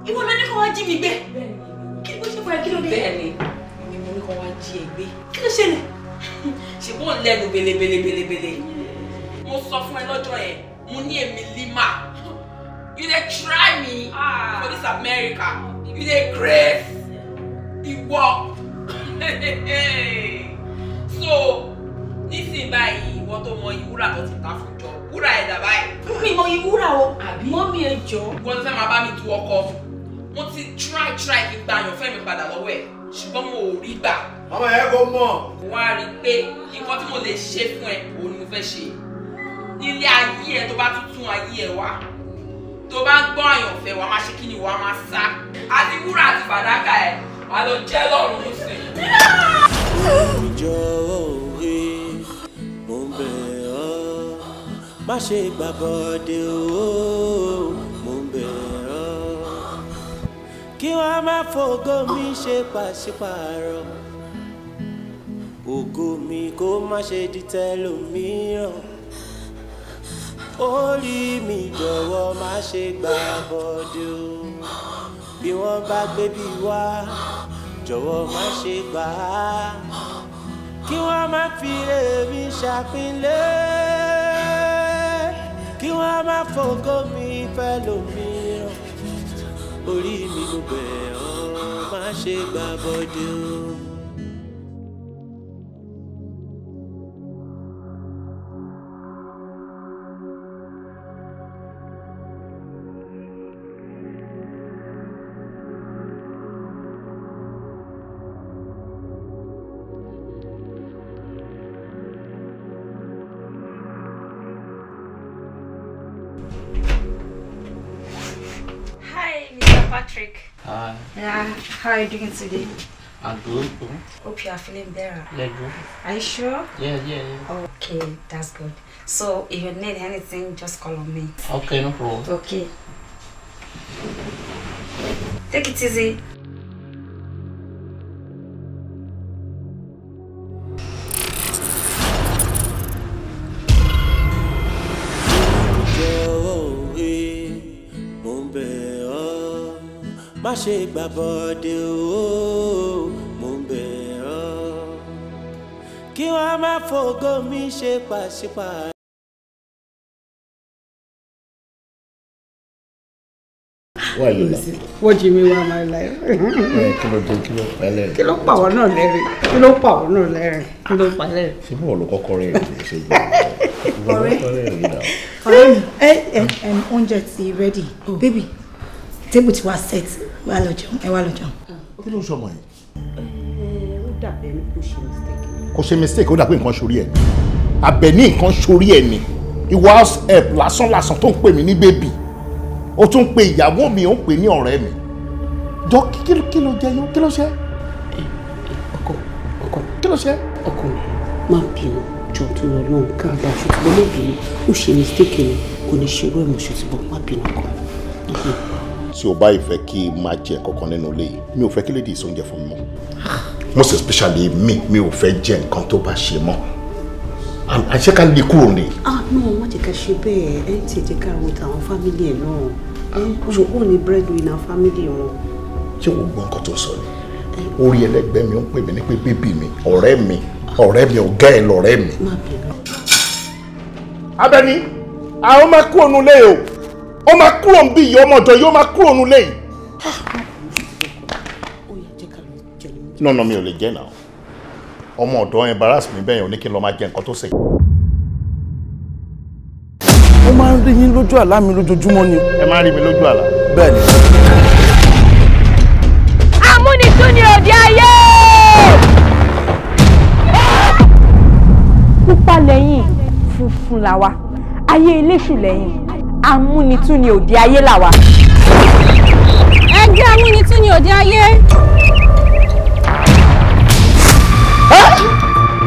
ìwọ ló ní kó wá jí mi gbé kí ló ṣe fún ẹ kí ló dé. bẹ́ẹ̀ni èmi mo ní kó wá jí ẹ gbé kí ló ṣẹlẹ̀ ṣùgbọ́n lẹ́nu belebelebelebele mo sọ fún ẹ lọ́jọ́ yẹn mo ní èmi lima you dey try me ah. for this America you dey crave the work so this nísìnyí by ìwọ tó mọ ìwúrà tó ti ta fún jọ wúrà ẹ̀dá báyìí. mi mọ ìwúrà o àbí mọ mi ẹ jọ. ìwọ ló fẹ́ máa bá mi tu ọkọ mo ti try try kí gba àyàn fẹ́ mi padà lọ́wọ́ ẹ̀ ṣùgbọ́n mo ò rí gbà. ọmọ yẹn kò mọ̀. wọ́n á rí i pé nǹkan tí mo lè ṣe fún ẹ òun ni mo fẹ́ ṣe nílé ayé ẹ tó bá tún tún ayé ẹ wá tó bá ń gbọ́ àyànfẹ́ wàá máa ṣe kí ni wàá máa sá àti wúrà àti fàdákà ẹ̀ wàá lọ jẹ́ lọ́rùn nísìn. ìjọ orí mo bẹ̀ ọ́ má ṣe gbàbọ̀dé o mo bẹ̀ ọ́ kí wàá má fògo mi ṣe pàṣípààrọ̀ ògo mi kó má ṣe di tẹlòmíràn orí mi jọ̀wọ́ má ṣe gbà bọ́dé o bí wọ́n bá gbé bí wá jọ̀wọ́ má ṣe gbà á kí wọ́n má fi èmi ṣàpínlẹ̀ kí wọ́n má fògo mi fẹ́ lòmíràn orí mi ló bẹ̀ ọ́ má ṣe gbà bọ́dé o. Patrick. Hi. Uh, yeah, how are you doing today? I'm good. Hope you are feeling better. Yeah, good. Are you sure? Yeah, yeah, yeah. Okay, that's good. So if you need anything, just call on me. Okay, no problem. Okay. Take it easy. ṣe gbàbọ̀dé o mo bẹ̀ ọ́ kí wọ́n má fògo mi ṣe pàṣípàá. wà ló la. wọ́n jí mi wá máa la yẹ. kí ló dé kí ló pa lẹ́rìn. kí ló pa ọ́ náà lẹ́rìn kí ló pa ọ́ náà lẹ́rìn kí ló pa lẹ́rìn. ṣé bí wọn ló kọ́kọ́ rẹ̀ rìn ṣe jẹ́ ọ̀rẹ́ ọ̀rẹ́ mi oúnjẹ ti ready oh. baby table ti wá set wá lọ jẹun ẹ wá lọ jẹun. Ah, kí ló ń sọmọ yìí. Eh, ó dàbẹ̀ ní kò ṣe mistake. kò ṣe mistake ó dàbẹ̀ nǹkan sórí ẹ̀ àbẹ̀ ní nǹkan sórí ẹ̀ ni ìwọ house help lásán lásán tó ń pè mí ní bébì ó tún ń pe ìyàwó mi ó ń pè ní ọ̀rẹ́ mi jọ kí ló jẹ yín kí ló ṣe. Eh, ọkọ ọkọ kí ló ṣe. ọkọ mi máa bínú jọ tó lọ lóhùn káàdà ṣùgbọ́n má bínú ó ṣe mistake ni kò ní ṣe irú ẹ̀ mọ̀ ṣùgbọ́n má bínú kan tí o bá ìfẹ́ kí n máa jẹ kankan nínú ilé yìí mi ò fẹ́ kí lè di ìsóúnjẹ fún mi mọ́ most especially mi mi ò fẹ́ jẹ nǹkan tó bá ṣe mọ́ àṣẹ ká lè kúrò ní. ah no wọ́n ti ká ṣe bẹ́ẹ̀ ẹ ti jẹ́ ká ro tàwọn fámìlì ẹ̀ náà ẹ oṣù kúrò ní breadwinner fámìlì wọn. ṣé o gbọ́ nǹkan tó sọ ni orí ẹlẹgbẹ́ mi ó ń pè mí ní pé bébì mi ọ̀rẹ́ mi ọ̀rẹ́ mi ọ̀gá ẹ̀ lọ̀rẹ́ mi. abẹni àwọn máa kú ònú lé o ó máa kúrò ń bí ìyá ọmọ ọ̀dọ̀ yìí ó máa kúrò nulẹ̀ yìí. nọ́nà mi ò lè jẹ́ náà ọmọ ọ̀dọ̀ embarrass mi bẹ́ẹ̀ yẹn ò ní kí n lọ máa jẹ nǹkan tó ṣe. ó máa ń rí yín lójú àlá mi lójoojúmọ́ ni. ẹ máa ń rí mi lójú àlá. bẹ́ẹ̀ ni. amúnitún ni òde ayé. pupa lẹ́yìn funfun làwa ayé eléṣù lẹ́yìn amúnitún ni òde ayé làwa. ẹgbẹ́ amúnitún ni òde ayé.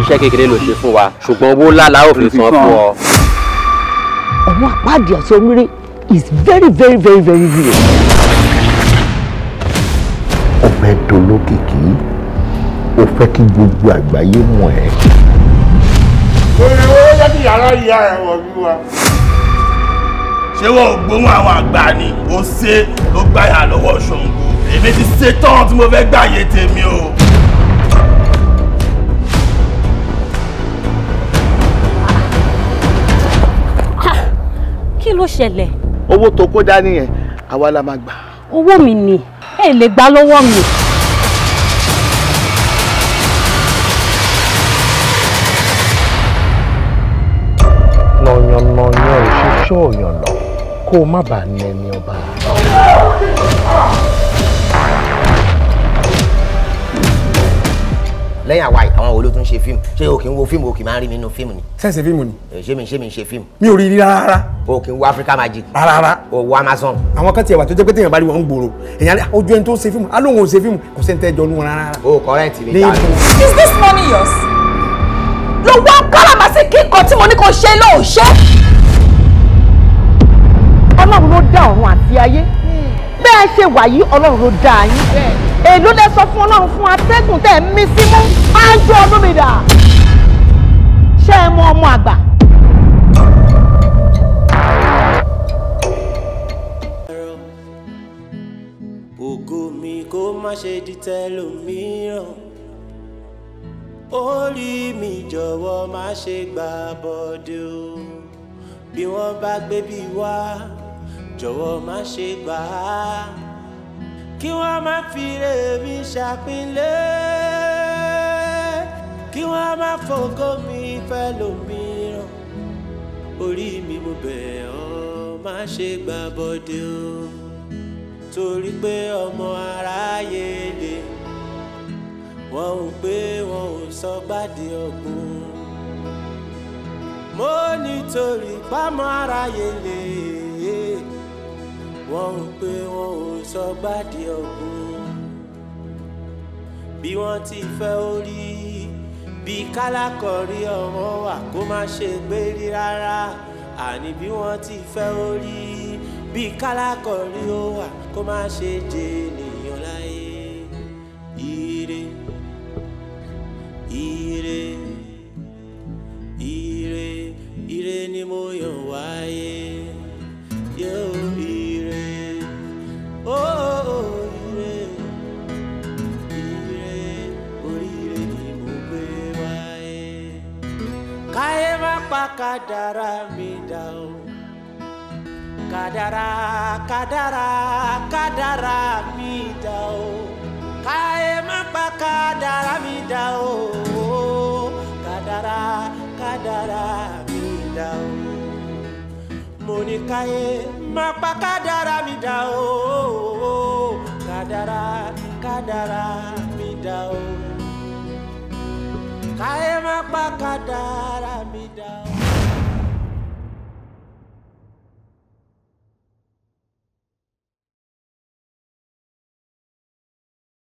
iṣẹ́ kékeré ló ṣe fún wa ṣùgbọ́n owó ńlá la ó fi san fún ọ. ọ̀wọ́n àpáàdì àti omire is very very very very real. ọbẹ̀ dolókìkí ó fẹ́ kí gbogbo àgbáyé mọ̀ ẹ́. olùwọ́ yẹ kí yàrá yìí ara ẹ̀ wọ̀ bí wa ṣé wọ́n gbóhùn àwọn àgbà ni ó ṣe ló gbáyà lọ́wọ́ Ṣàngó èmi ti ṣe tán tí mo fẹ́ gbàyè tèmi o. kí ló ṣẹlẹ̀. owó tó kó dání yẹn àwa la máa gbà. owó mi ni ẹ lè gbà lọ́wọ́ mi. lọ́yàn lọ́yàn ìṣiṣẹ́ òyàn lọ kó o má bàa nà ẹni ọba. lẹ́yìn àwa àwọn wo ló ṣe fíìmù ṣé o kì í wo fíìmù o kì í máa rí nínú fíìmù ni. sẹ́ǹsì fíìmù ni. ṣé mi ṣé mi ṣe fíìmù. mi ò rí rí rárá. o kì í wo Africa Magic. rárá. o wo Amazon. àwọn kan tiẹ̀ wà tó jẹ́ pé téèyàn bá rí wọn ń gbòòrò èèyàn ojú ẹni tó ń ṣe fíìmù alóhùn ò ṣe fíìmù kò sẹ́ńtẹ́ jọ lóhùn rárá. o correct mi ta ni. is this money yours? lo wá kọ́lá màsí kí nǹkan tí mo ní kò ṣe lóò ọlọ́run ló dá ọ̀run àti ayé hmm. bẹ́ẹ̀ ṣe wà yìí ọlọ́run ló dá yín èló lẹ sọ fún ọlọ́run fún atẹ́gùn tẹ̀ ń mí sí mú ájọ olómìnira ṣé ẹ mọ ọmọ àgbà. ògo mi kó má ṣe di tẹlòmíràn orí mi jọ̀wọ́ má ṣe gbà bọ́dé o bí wọ́n bá gbé bí wá jọ̀wọ́ má ṣe gbà á kí wọ́n má fi rèmi ṣàpínlẹ̀ kí wọ́n má fògo mi fẹ́ lòmíràn orí mi mo bẹ̀ ọ́ má ṣe gbà bọ́dé o torí pé ọmọ aráyé lè wọn ò pé wọn ò sọ gbádé ọgbọ́n mo nítorí pamọ́ aráyé lè wọn ò pé wọn ò sọ gbádìí ọ̀gùn bí wọ́n ti fẹ́ orí bí kálákọ̀ọ́rí ọ̀wọ́n wà kó má ṣe gbé rí rárá àní bí wọ́n ti fẹ́ orí bí kálákọ̀ọ́rí ó wà kó má ṣe jẹ ènìyàn láyé ire ire ire ire ni mo yọ. apá kádàrá mi kadara kadara kádàrá kádàrá kádàrá mi kadara o káyé má pa kádàrá mi dà kadara midau. kádàrá mi midau. o mo ní káyé